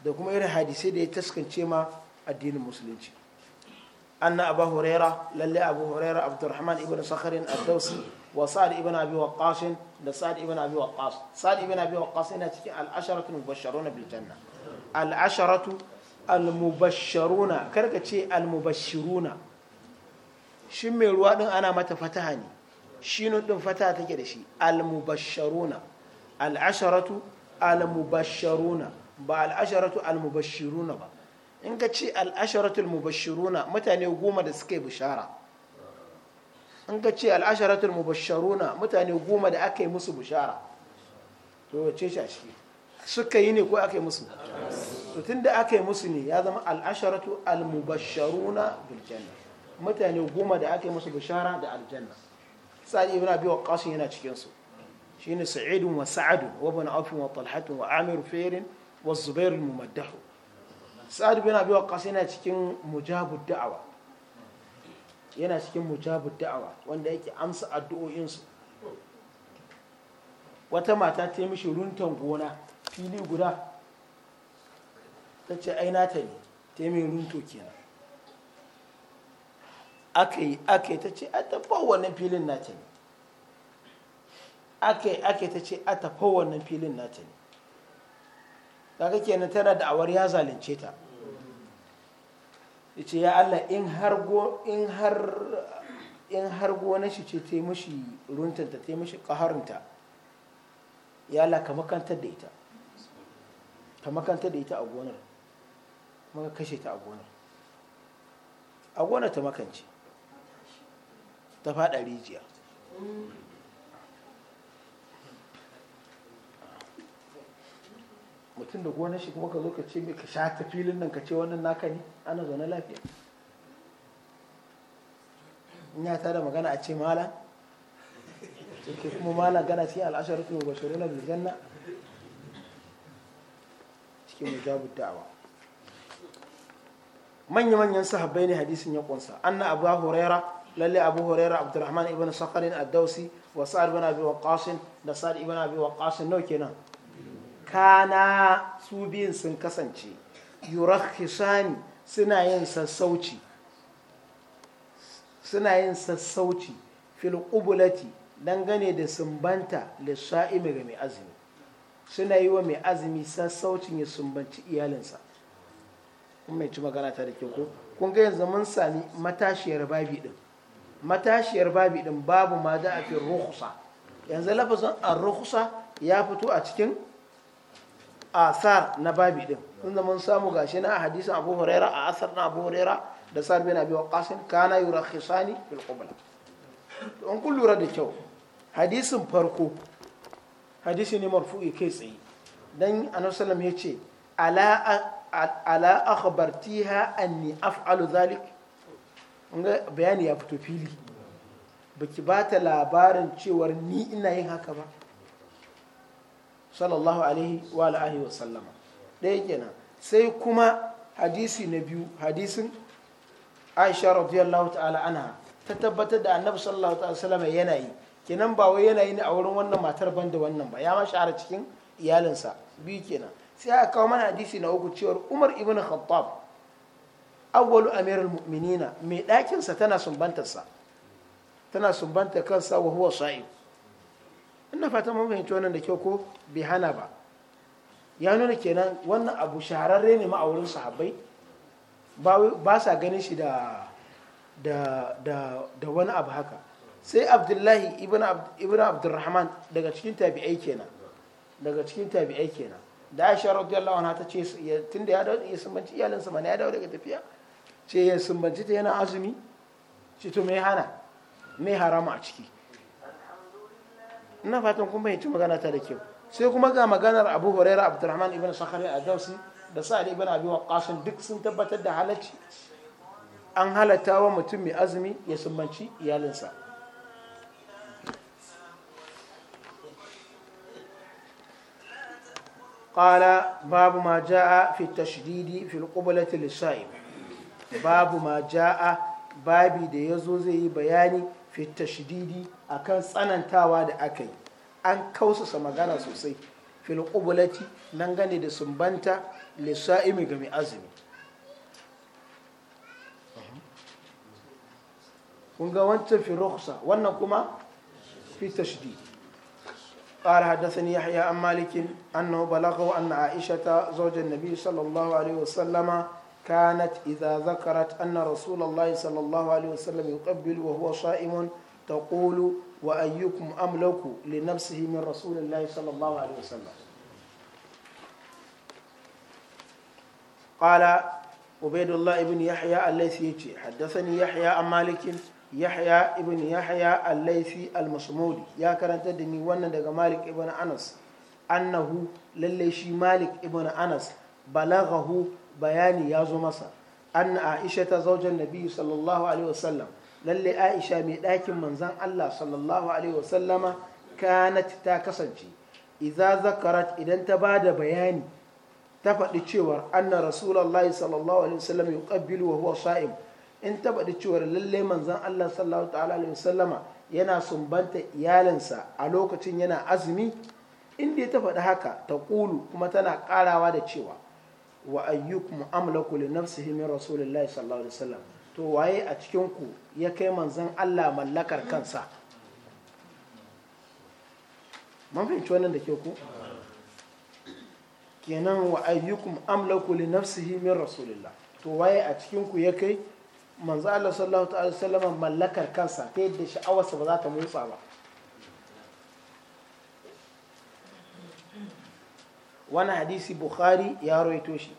da kuma irin hadisai da ya taskance ma addinin musulunci anna abu huraira lalle abu huraira abdurrahman ibn sakharin ad-dawsi wa sa'ad ibn abi waqqas da sa'ad ibn abi waqqas sa'ad yana cikin al-asharatu mubashsharuna bil janna al almubashsharuna karka ce almubashshiruna shin mai ruwa din ana mata fataha ne shinun din fataha take da shi almubashsharuna al'asharatu almubashsharuna ba al'asharatu almubashshiruna ba in ka ce al'asharatu almubashshiruna mutane goma da suka yi bishara in ka ce al'asharatu almubashsharuna mutane goma da aka yi musu bishara to wace shi a ciki suka yi ne ko aka yi musu to da aka yi musu ne ya zama al'asharatu al-mubasharuna bil mutane goma da aka yi musu bishara da aljanna sa'id ibn abi waqqas yana cikin su shine sa'id wa sa'ad wa ibn auf wa talhat wa amir fayr wa zubair al-mumaddah ibn abi waqqas yana cikin mujabud da'awa yana cikin mujabud da'awa wanda yake amsa addu'o'in su wata mata ta yi mishi runtan gona fili guda ta ce ai nata ne ta mai runto kenan aka yi aka yi ta ce ta wannan filin nata ne aka yi aka yi ta ce ta tafa wannan filin nata ne kaga kenan tana da awar ya zalunce ta ya ce ya Allah in har go in har in har shi ce ta yi mashi runtanta ta yi mashi ƙaharinta ya Allah ka makantar da ita ka makantar da ita a gonar muka kashe ta a gonar a gonar ta makance ta fada rijiya mutum da gonar shi kuma ka zo ka ce mai ka sha ta filin nan ka ce wannan naka ne ana zaune lafiya in ya da magana a ce mala ke kuma mala gana cikin rufin wa na, bil janna cikin mujabud da'awa manya-manyan sahabbai ne hadisin ya kunsa anna abu Horera, lalle abu huraira abdurrahman ibn sakarin Addausi, wa sa'ad ibn abi waqqas da sa'ad ibn abi waqqas nau kenan kana su biyun sun kasance yurakhisani suna yin sassauci suna yin sassauci fil qubulati dangane da sumbanta lissa'imi ga mai azumi suna yi wa mai azumi sassaucin ya sumbanci iyalinsa mai ci magana ta da ke ko kun ga yanzu mun sami matashiyar babi din matashiyar babi din babu ma da a fi rukhsa yanzu lafazin a rukhsa ya fito a cikin asar na babi din kun zama samu gashi na hadisin Abu Huraira a asar na Abu Huraira da Sa'ad bin Abi Waqqas kana yurakhisani bil qubla to an kun lura da kyau hadisin farko hadisi ne marfu'i kai tsaye dan annabi sallallahu alaihi wasallam yace ala akhbartiha anni af'alu zalik ga bayani ya fito fili baki ba ta labarin cewar ni ina yin haka ba sallallahu alaihi wa alihi wa sallama kenan sai kuma hadisi na biyu hadisin aisha radiyallahu ta'ala anha ta tabbatar da annabi sallallahu wa sallama yana yi kenan ba wai yana yi ne a wurin wannan matar ban da wannan ba ya ma shahara cikin iyalinsa biyu kenan sai aka kawo mana hadisi na uku cewar umar ibn khattab awwalu amirul mu'minina mai ɗakinsa tana sa tana sumbanta kansa wa huwa sa'im ina fatan mun fahimci wannan da kyau ko bai hana ba ya nuna kenan wannan abu shahararre ne ma'aurin sahabbai ba sa ganin shi da da wani abu haka sai abdullahi ibn abdurrahman daga cikin tabi'ai kenan daga cikin tabi'ai kenan da aisha radiyallahu anha ta ce tun da ya dawo ya sumbanci iyalinsa mana ya dawo daga tafiya ce ya sumbanci ta yana azumi ce to mai hana me harama a ciki ina fatan kun fahimci magana ta da kyau sai kuma ga maganar Abu Hurairah Abdurrahman ibn sakari a dausi da Sa'ad ibn Abi Waqqas duk sun tabbatar da halacci an halatta wa mutum mai azumi ya sumbanci iyalinsa قال babu ما جاء في التشديد في القبلة للصائم باب babi da ya zo zai yi bayani fitashididi akan tsanantawa da aka yi an kausasa magana sosai filƙubulati nan gane da sumbanta lissa'imi ga azumi kun ga wancan fi wannan kuma fitashididi قال حدثني يحيى عن مالك أنه بلغه أن عائشة زوج النبي صلى الله عليه وسلم كانت إذا ذكرت أن رسول الله صلى الله عليه وسلم يقبل وهو صائم تقول وأيكم أملك لنفسه من رسول الله صلى الله عليه وسلم قال عبيد الله بن يحيى الليثي حدثني يحيى عن مالك yahya ibn yahya al-laythi al-masmudi ya karanta da ni wannan daga malik ibn anas annahu lalle shi malik ibn anas balaghahu bayani ya zo masa anna aisha ta zaujan nabi sallallahu alaihi wasallam lalle aisha mai ɗakin manzan allah sallallahu alaihi wasallama kanat ta kasance idza zakarat idan ta ba da bayani ta faɗi cewar anna rasulullahi sallallahu alaihi wasallam yuqabbilu wa huwa in taba da cewa lalle manzon Allah sallallahu ta'ala alaihi wasallama yana sumbanta iyalinsa a lokacin yana azumi inda ta faɗi haka ta Kulu kuma tana karawa da cewa wa ayyukum amlaku li nafsihi min rasulillahi sallallahu alaihi wasallam to waye a cikin ku ya kai manzon Allah mallakar kansa Man fahimci wannan da ke ku kenan wa ayyukum amlaku li nafsihi min rasulillah to waye a cikin ku ya kai manzo Allah sallallahu ta'ala sallama mallakar kansa ta yadda sha'awarsa ba za ta motsa ba wani hadisi bukhari ya rawaito shi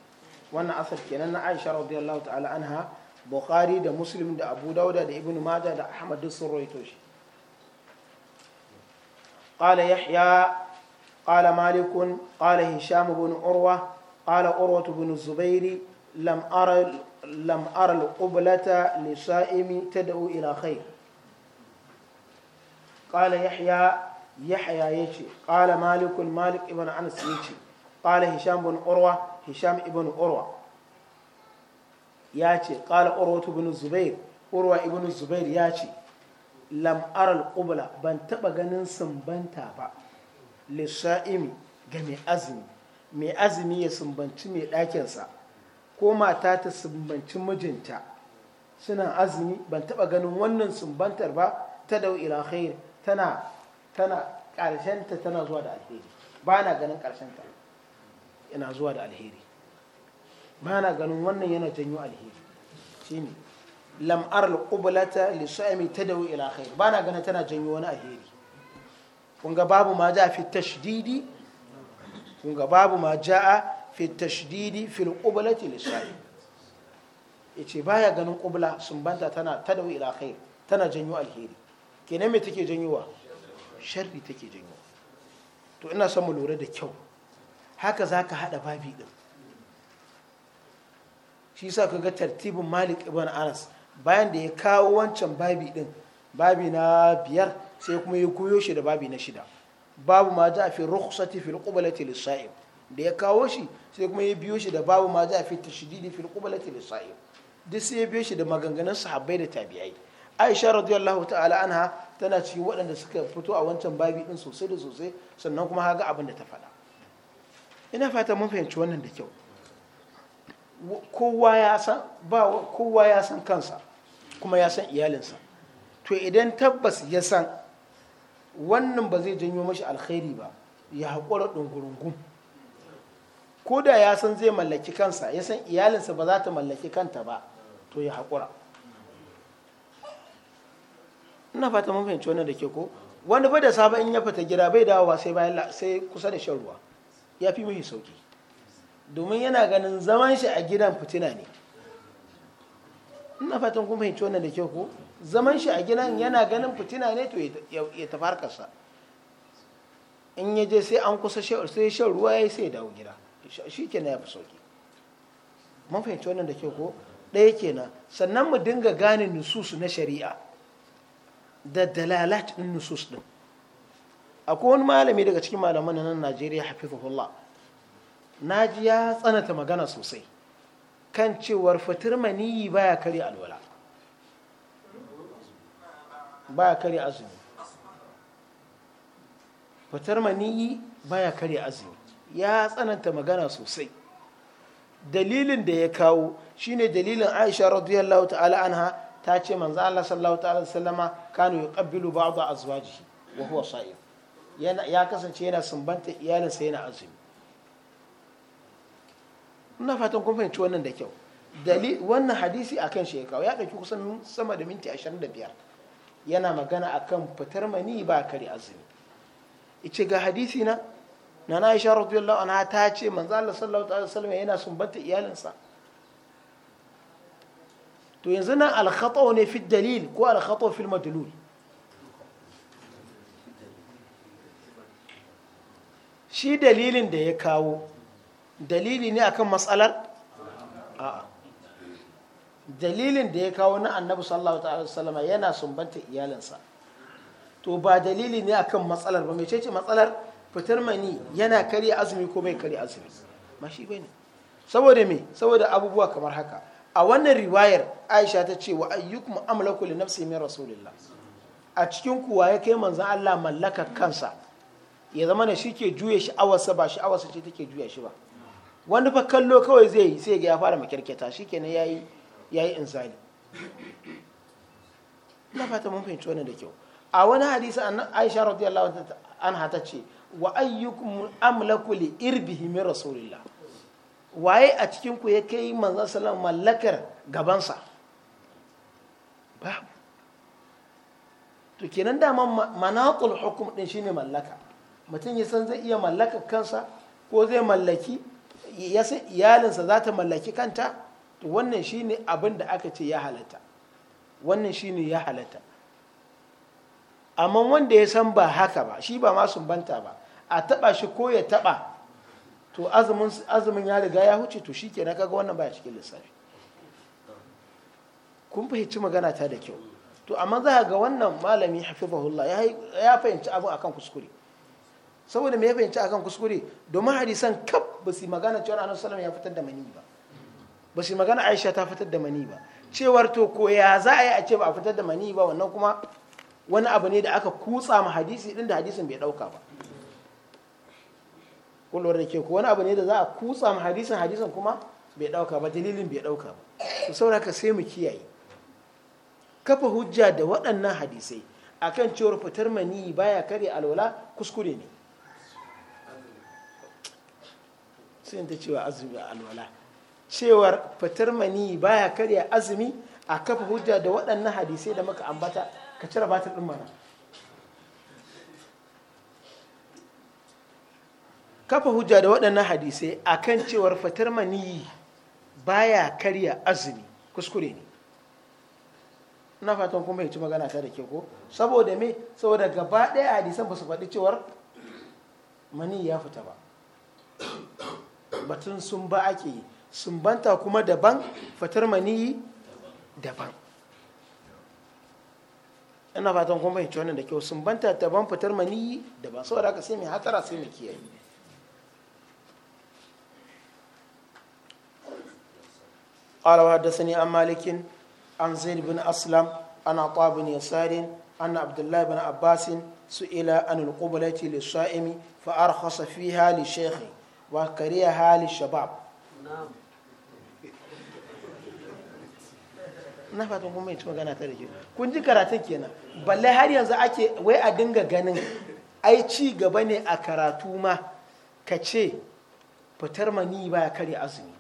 wannan asar kenan na aisha radiyallahu ta'ala anha bukhari da muslim da abu dauda da ibnu maja da ahmad duk sun rawaito shi قال يحيى قال مالك قال هشام بن عروة قال عروة بن الزبير لم أرى lam aral qublata li sa'imi tad'u ila khair qala yahya yahya ce. qala malik malik ibn anas ce. qala hisham bin urwa hisham ibn urwa ce. qala urwa ibn zubair urwa ibn zubair ce lam aral qubla ban taba ganin sumbanta ba li sa'imi ga mai azumi mai azumi ya sumbanci mai ɗakinsa ko mata ta sumbanci mijinta suna azumi ban taba ganin wannan sumbantar ba ta dau ila khair tana tana karshenta tana zuwa da alheri ba na ganin karshenta yana zuwa da alheri ba na ganin wannan yana janyo alheri shine lam aral qublata li sa'imi tadawi ila khair ba na ganin tana janyo wani alheri kun ga babu ma ja fi tashdidi kun ga babu ma ja'a fi tashdidi fil qublati lisai yace baya ganin qubla sumbanta tana tadawu ila khair tana janyo alheri kenan me take janyowa sharri take janyo to ina son mu lura da kyau haka zaka hada babi din shi yasa kaga tartibin Malik ibn Anas bayan da ya kawo wancan babi din babi na biyar sai kuma ya koyo shi da babi na shida babu ma ja fi rukhsati fil qublati lisa'i da ya kawo shi sai kuma ya biyo shi da babu ma za a fi da fil qublati lisa'im duk sai ya biyo shi da maganganun sahabbai da tabi'ai Aisha radiyallahu ta'ala anha tana cikin waɗanda suka fito a wancan babi ɗin sosai da sosai sannan kuma haga abin da ta faɗa ina fata mun fahimci wannan da kyau kowa ya san kowa ya san kansa kuma ya san iyalinsa to idan tabbas ya san wannan ba zai janyo mashi alkhairi ba ya haƙura ɗungurungun ko da ya san zai mallaki kansa ya san iyalinsa ba za ta mallaki kanta ba to ya haƙura ina fata mun fahimci wannan da ke ko wani bai da safe in ya fita gida bai dawowa sai bayan sai kusa da shan ruwa ya fi mai sauki domin yana ganin zaman shi a gidan fitina ne ina fatan kun fahimci wannan da ke ko zaman shi a gidan yana ganin fitina ne to ya tafarkarsa in ya je sai an kusa sai shan ruwa ya sai ya dawo gida shi kenan ya fi sauki mun fahimci wannan da ke ko ɗaya kenan sannan mu dinga gane nusus na shari'a da dalalat ɗin nusus ɗin akwai wani malami daga cikin malaman nan Najeriya hafizahullah na ji ya tsanata magana sosai kan cewar fitar maniyi baya kare alwala baya fitar maniyi baya kare azumi ya tsananta magana sosai dalilin da ya kawo shine dalilin aisha radiyallahu ta'ala anha ta ce manzo Allah sallallahu ta'ala sallama kanu yuqabbilu ba'd azwajihi wa huwa sa'im ya kasance yana sumbanta iyalinsa yana azumi ina fatan kun fahimci wannan da kyau wannan hadisi akan shi ya kawo ya dauki kusan sama da minti 25 yana magana akan fitar mani ba kare azumi ice ga hadisi na na na isha radiyallahu anha ta ce manzo Allah sallallahu alaihi wasallam yana sumbanta iyalinsa to yanzu nan al ne fi dalil ko al fil madlul shi dalilin da ya kawo dalili ne akan matsalar a'a dalilin da ya kawo na annabi sallallahu alaihi wasallam yana sumbanta iyalinsa to ba dalili ne akan matsalar ba mai ce matsalar fitar mani yana karya azumi ko mai karya azumi ma shi bane saboda me saboda abubuwa kamar haka a wannan riwayar aisha ta ce wa ayyuk amlaku li nafsi min rasulillah a cikin kuwa ya kai manzon Allah mallaka kansa ya zama da shi ke juya sha'awarsa ba sha'awarsa ce take juya shi ba Wani fa kallo kawai zai yi sai ga ya fara makirketa shikenan yayi yayi insani ina fata mun fahimci wannan da kyau a wani hadisi aisha radiyallahu anha ta ce wa ayyukum amlaku li irbihi min rasulillah waye a cikin ku ya kai manzon sallallahu mallakar gabansa ba to kenan dama manaqul hukum din shine mallaka mutum ya san zai iya mallaka kansa ko zai mallaki ya san iyalinsa za ta mallaki kanta to wannan shine abin da aka ce ya halatta wannan shine ya halatta amma wanda ya san ba haka ba shi ba ma banta ba a taba shi ko ya taba to azumin ya riga ya huce to shi na kaga wannan baya cikin lissafi kun fahimci magana ta da kyau to amma za ga wannan malami hafifahullah ya fahimci abin akan kuskure saboda me ya fahimci kan kuskure domin hadisan kaf ba su magana cewa anan salam ya fitar da mani ba ba su magana aisha ta fitar da mani ba cewar to ko ya za a yi a ce ba a fitar da mani ba wannan kuma wani abu ne da aka kutsa ma hadisi din da hadisin bai ɗauka ba kullum da ke ku wani abu ne da za a kutsa ma hadisan hadisin kuma bai dauka ba dalilin bai dauka ba to sauraka sai mu kiyaye kafa hujja da waɗannan hadisai akan cewar fitar mani baya kare alwala kuskure ne sai ta cewa azumi a alwala cewar fitar mani baya kare azumi a kafa hujja da waɗannan hadisai da muka ambata ka cire batar ɗin mana kafa hujja da waɗannan hadisai a kan cewar fatar maniyi baya karya azumi kuskure ne ina fatan kuma ya ci magana ta da ke ko saboda me saboda gaba ɗaya hadisan ba su faɗi cewar mani ya fita ba batun sun ba ake yi sumbanta kuma daban fatar maniyi daban ina fatan kuma ya ci wannan da kyau sumbanta daban fatar maniyi daban saboda haka sai mai hatara sai mai kiyaye قال وحدثني عن مالك عن زيد بن أسلم عن عطاء بن يسار أن عبد الله بن عباس سئل عن القبلة للصائم فأرخص فيها للشيخ وكرهها للشباب na fatan kuma mai magana ta da kun ji karatun kenan balle har yanzu ake wai a dinga ganin ai ci gaba ne a karatu ma ka ce fitar mani baya karya azumi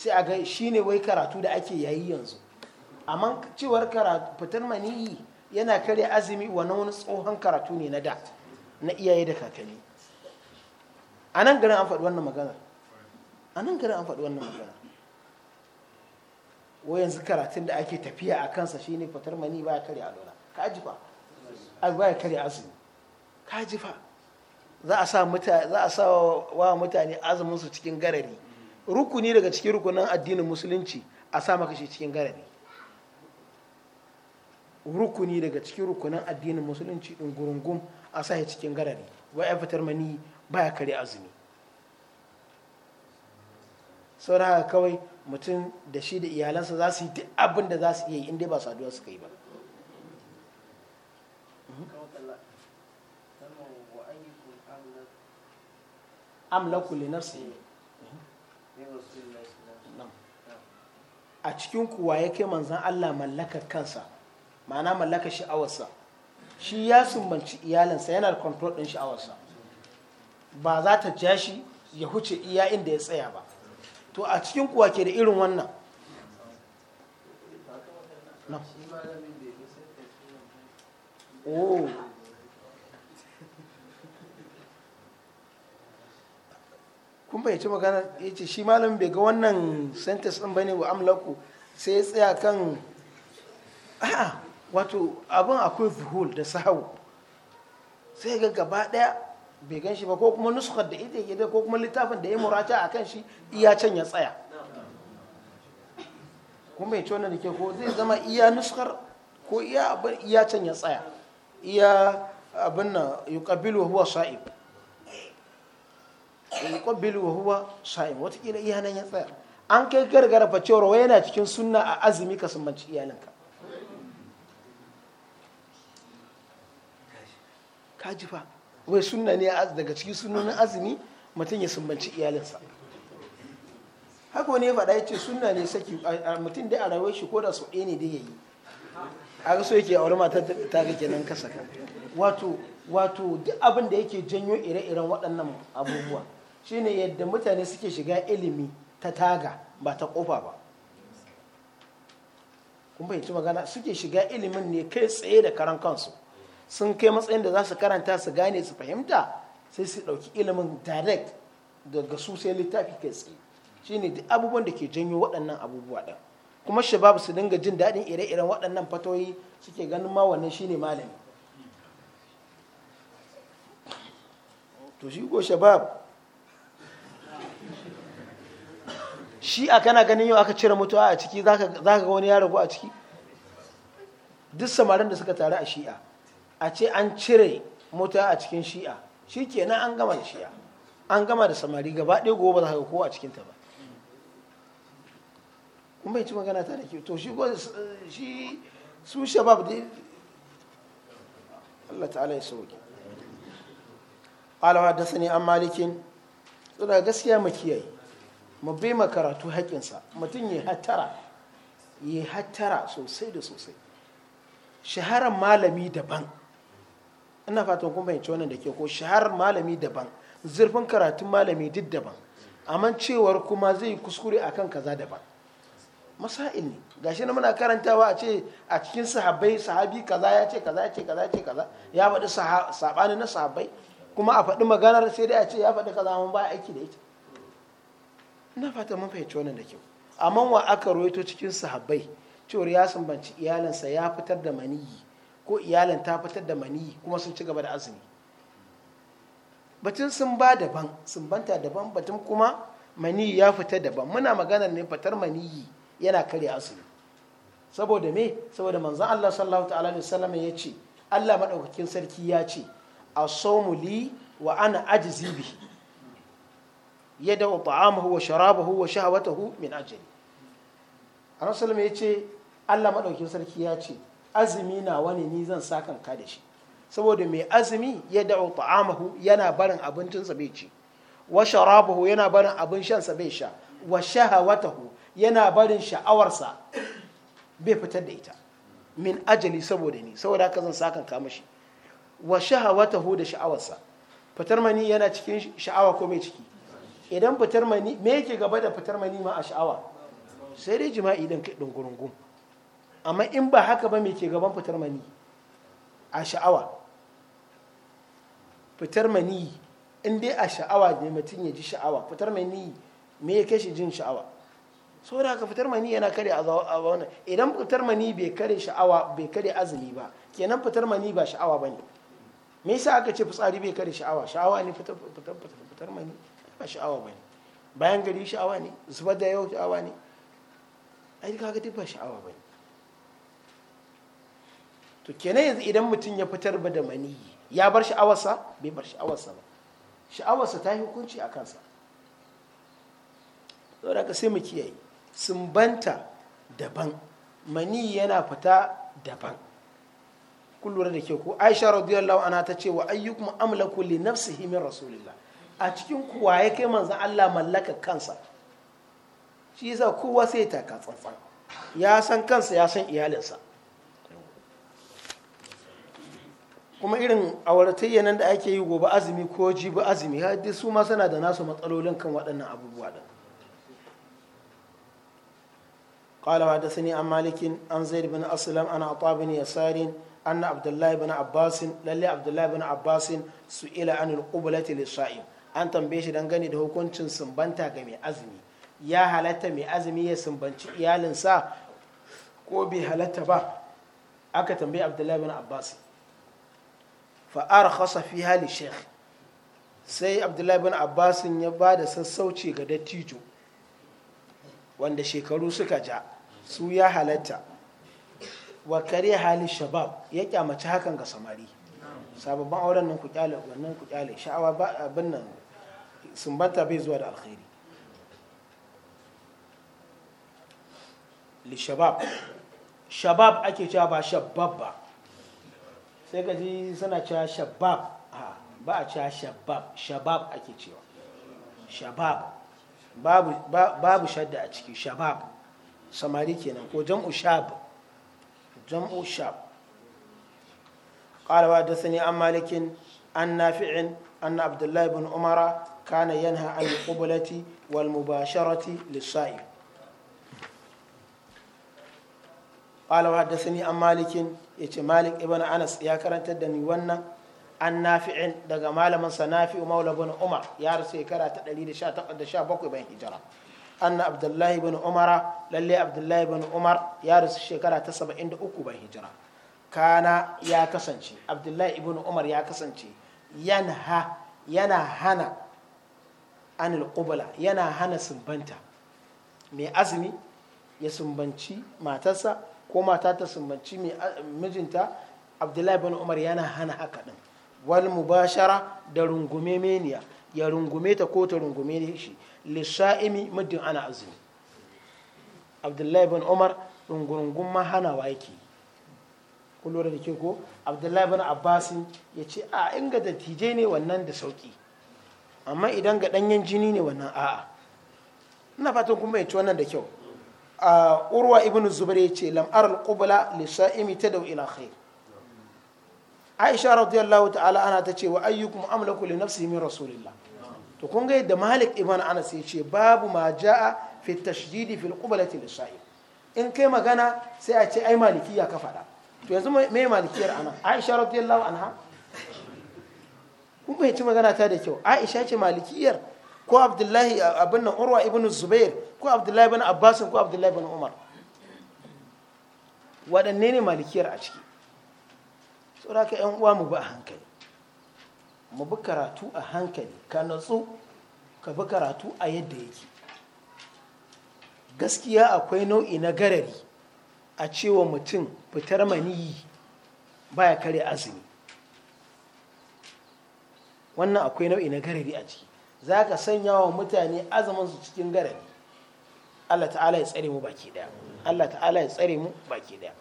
sai a ga shi ne wai karatu da ake yayi yanzu amma cewar karatu fitar maniyi yana kare azumi na wani tsohon karatu ne na da na iyaye da kakanni a nan garin an faɗi wannan magana a nan garin an faɗi wannan magana wai yanzu karatun da ake tafiya a kansa shine fitar mani ba ya kare alwala ka ji fa ba ya kare azumi ka ji fa za a sa wa mutane azumin su cikin garari rukuni daga cikin rukunin addinin musulunci a sa maka shi cikin garari rukuni daga cikin rukunin addinin musulunci ɗin gurungun a sa shi cikin garari wa ya fitar mani baya kare azumi sau da haka kawai mutum da shi da iyalansa za su yi duk abin da za su iya yi inda ba saduwa suka yi ba amlaku a cikin kuwa ya kai manzan Allah mallakar kansa ma'ana mallakar sha'awarsa shi ya sumbanci iyalinsa yana da control ɗin sha'awarsa ba za ta ja shi ya huce iya inda ya tsaya ba to a cikin kuwa ke da irin wannan oh kun bayyace magana ya ce shi malamin bai ga wannan sentence ɗin bane wa amlaku sai ya tsaya kan a'a wato abin akwai zuhul da sahau sai ga gaba ɗaya bai gan shi ba ko kuma nuskar da ita gida ko kuma littafin da ya murata a kan shi iya can ya tsaya kun bayyace wannan da ke ko zai zama iya nuskar ko iya can ya tsaya iya abin na kabilu yuqabilu huwa sa'ib wa huwa watakila ya tsaya an kai gargara fa wa yana cikin suna a azumi ka manci iyalinka kaji fa wai suna ne daga cikin sunnonin azumi mutum ya manci iyalinsa haka wani ya faɗa ya ce suna ne saki mutum dai a rayuwar shi ko da ɗaya ne dai ya yi a ga so yake aure matar ta ga kenan ka wato wato duk abin da yake janyo ire-iren waɗannan abubuwa shine yadda mutane suke shiga ilimi ta taga ba ta kofa ba kun fahimci magana suke shiga ilimin ne kai tsaye da karan kansu sun kai matsayin da za su karanta su gane su fahimta sai su ɗauki ilimin direct daga su sai littafi kai tsaye shine duk abubuwan da ke janyo waɗannan abubuwa ɗin kuma shabab su dinga jin daɗin ire-iren waɗannan fatoyi suke ganin ma wannan shine malami to shi ko shabab shi a kana ganin yau aka cire mutuwa a ciki za ka ga wani ya ragu a ciki duk samarin da suka taru a shi'a a ce an cire mutuwa a cikin shi'a shi kenan an gama da shi'a an gama da samari gaba ɗaya gobe ba za ka kowa a cikinta ba kuma bai ci magana ta da ke to shi shi su shabab dai Allah ta'ala ya sauke alawa da sani an malikin suna gaskiya makiyayi mu bai ma karatu haƙƙinsa mutum ya hattara ya hattara sosai da sosai shaharar malami daban ina fatan kun fahimci wannan da ke ko shaharar malami daban zurfin karatun malami duk daban amma cewar kuma zai kuskure akan kaza daban masa'il ne gashi na muna karantawa a ce a cikin sahabbai sahabi kaza ya ce kaza ya ce kaza ya ce kaza ya faɗi saɓani na sahabbai kuma a faɗi maganar sai dai a ce ya faɗi kaza mun ba aiki da ita ina fata mun fahimci wannan da kyau amma wa aka roito cikin sahabbai cewar ya sumbanci iyalinsa ya fitar da maniyi ko iyalin ta fitar da maniyi kuma sun ci gaba da azumi batun sun ba daban sun banta daban batun kuma maniyi ya fita daban muna magana ne fitar maniyi yana karya azumi saboda me saboda manzon Allah sallallahu ta'ala alaihi wasallam ya ce Allah madaukakin sarki ya ce asawmu li wa ana ajzi bihi yadda ta'amahu wa sharabahu wa shahawatahu min ajali annabi sallallahu ya ce Allah madaukin sarki ya ce azumi na wani ni zan sa kanka da shi saboda mai azumi ya da'u ta'amahu yana barin sa bai ci wa sharabahu yana barin abin sa bai sha wa shahawatahu yana barin sha'awarsa bai fitar da ita min ajali saboda ni saboda haka zan sakan ka mishi wa shahawatahu da sha'awarsa fitar mani yana cikin sha'awa ko mai ciki idan fitar mani me yake gaba da fitar mani ma a sha'awa sai dai jima'i dan kai dungurungun amma in ba haka ba me ke gaban fitar mani a sha'awa fitar mani in dai a sha'awa ne mutum ya ji sha'awa fitar mani me ya kai shi jin sha'awa saboda haka fitar mani yana kare a wannan idan fitar mani bai kare sha'awa bai kare azumi ba kenan fitar mani ba sha'awa bane me yasa aka ce fitsari bai kare sha'awa sha'awa ne fitar fitar fitar mani ba sha'awa ba ne bayan gari sha'awa ne zubar da yau sha'awa ne ai kaga duk ba sha'awa ba ne to kenan yanzu idan mutum ya fitar ba da maniyi ya bar sha'awarsa bai bar sha'awarsa ba sha'awarsa ta yi hukunci a kansa saboda ka sai mu kiyaye sumbanta daban mani yana fita daban kun lura da ke ko aisha radiyallahu anha ta ce wa ayyukum amlaku li nafsihi min rasulillah a cikin kuwa ya kai manzan Allah mallaka kansa shi yasa kowa sai taka tsantsan ya san kansa ya san iyalinsa kuma irin auratayya nan da ake yi gobe azumi ko jibi azumi har su ma suna da nasu matsalolin kan waɗannan abubuwa din قال وحدثني عن مالك عن زيد بن bin عن عطاء بن يسار ان na الله بن عباس للي عبد الله بن عباس سئل عن القبلة للصائم an tambaye shi dangane da hukuncin sumbanta ga mai azumi ya halatta mai azumi ya sumbanci iyalinsa ko bai halatta ba aka tambaye abdullahi bin abbas fa'ar khasa fi hali sheikh sai abdullahi bin abbas ya ba da sassauci ga dattijo wanda shekaru suka ja su ya halatta wa kare hali shabab ya kyamaci hakan ga samari sababbin auren nan ku kyale wannan ku kyale sha'awa ba abin nan sumbanta bai zuwa da alkhairi li shabab shabab ake cewa ba shabab ba sai ka ji suna cewa shabab ba a cewa shabab shabab ake cewa shabab babu shadda a ciki shabab samari kenan ko jam'u shab jam'u shab قال وحدثني عن مالك عن نافع أن عبد الله بن عمر كان ينهى عن القبلة والمباشرة للصائم قال وحدثني عن مالك يتي مالك ابن أنس يا كرنت الدني ونا عن نافع دقا مال من سنافع مولى بن عمر يا رسي كرا تدليل شا تقد شا بقي بين هجرة أن عبد الله بن عمر للي عبد الله بن عمر يا رسي شكرا تسبع عند أكو بين هجرة kana ya kasance abdullahi ibn umar ya kasance yanha yana hana anil qubla yana hana sumbanta mai azumi ya sumbanci matarsa ko mata ta sumbanci mijinta abdullahi ibn umar yana hana haka din wal mubashara da rungume meniya ya rungume ta ko ta rungume shi lissa'imi muddin ana azumi abdullahi ibn umar rungurungun ma hanawa yake kun da ke ko abdullahi bin abbasin ya ce a in ga dattijai ne wannan da sauki amma idan ga ɗanyen jini ne wannan a'a ina fatan kuma ya ci wannan da kyau a urwa ibn zubair ya ce lam'ar al-qubla li ta tadaw ila khair aisha radiyallahu ta'ala ana ta ce wa ayyukum amlaku li nafsihi min rasulillah to kun ga yadda malik ibn anas ya ce babu ma ja'a fi tashdidi fil qublati li in kai magana sai a ce ai maliki ya ka faɗa to yanzu me malikiyar ana aisha radiyallahu anha kun fahimci magana ta da kyau aisha ce malikiyar ko abdullahi abin nan urwa ibn zubair ko abdullahi ibn abbas ko abdullahi ibn umar waɗanne ne malikiyar a ciki da ka yan uwa mu ba a hankali mu bi karatu a hankali ka natsu ka bi karatu a yadda yake gaskiya akwai nau'i na garari a cewa mutum fitar maniyi ya kare azumi wannan akwai nau'i na garari a ciki za ka sanya wa mutane azuminsu cikin garari Allah ta'ala ya tsare mu baki daya Allah ta'ala ya tsare mu baki daya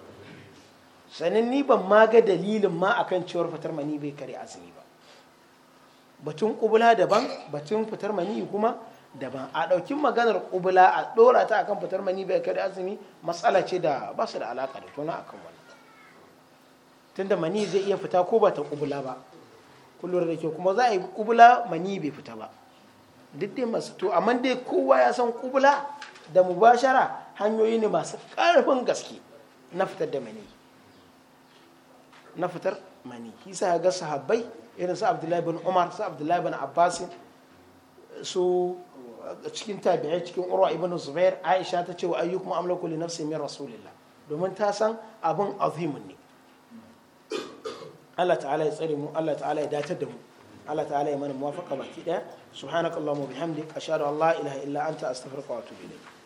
sanin ni ban ma ga dalilin ma akan cewar fitar mani bai kare azumi ba batun kubula daban batun fitar maniyi kuma daban a ɗaukin maganar ƙubula a ɗora ta akan fitar mani bai kai azumi matsala ce da ba su da alaƙa da tona a kan wani tunda mani zai iya fita ko ba ta ƙubula ba kullum da kyau kuma za a yi ƙubula mani bai fita ba duk dai masu to amma dai kowa ya san ƙubula da mubashara hanyoyi ne masu ƙarfin gaske na fitar da mani na fitar mani hisa ya ga sahabbai irin su abdullahi bin umar su abdullahi bin abbasin su cikin tabi'ai cikin urwa ibn zubair aisha ta ce wa ayyukum amlaku li nafsi min rasulillah domin ta san abin azimin ne Allah ta'ala ya tsare mu Allah ta'ala ya datar da mu Allah ta'ala ya mana muwafaqa baki daya subhanakallahumma bihamdik ashhadu an la ilaha illa anta astaghfiruka wa atubu ilayk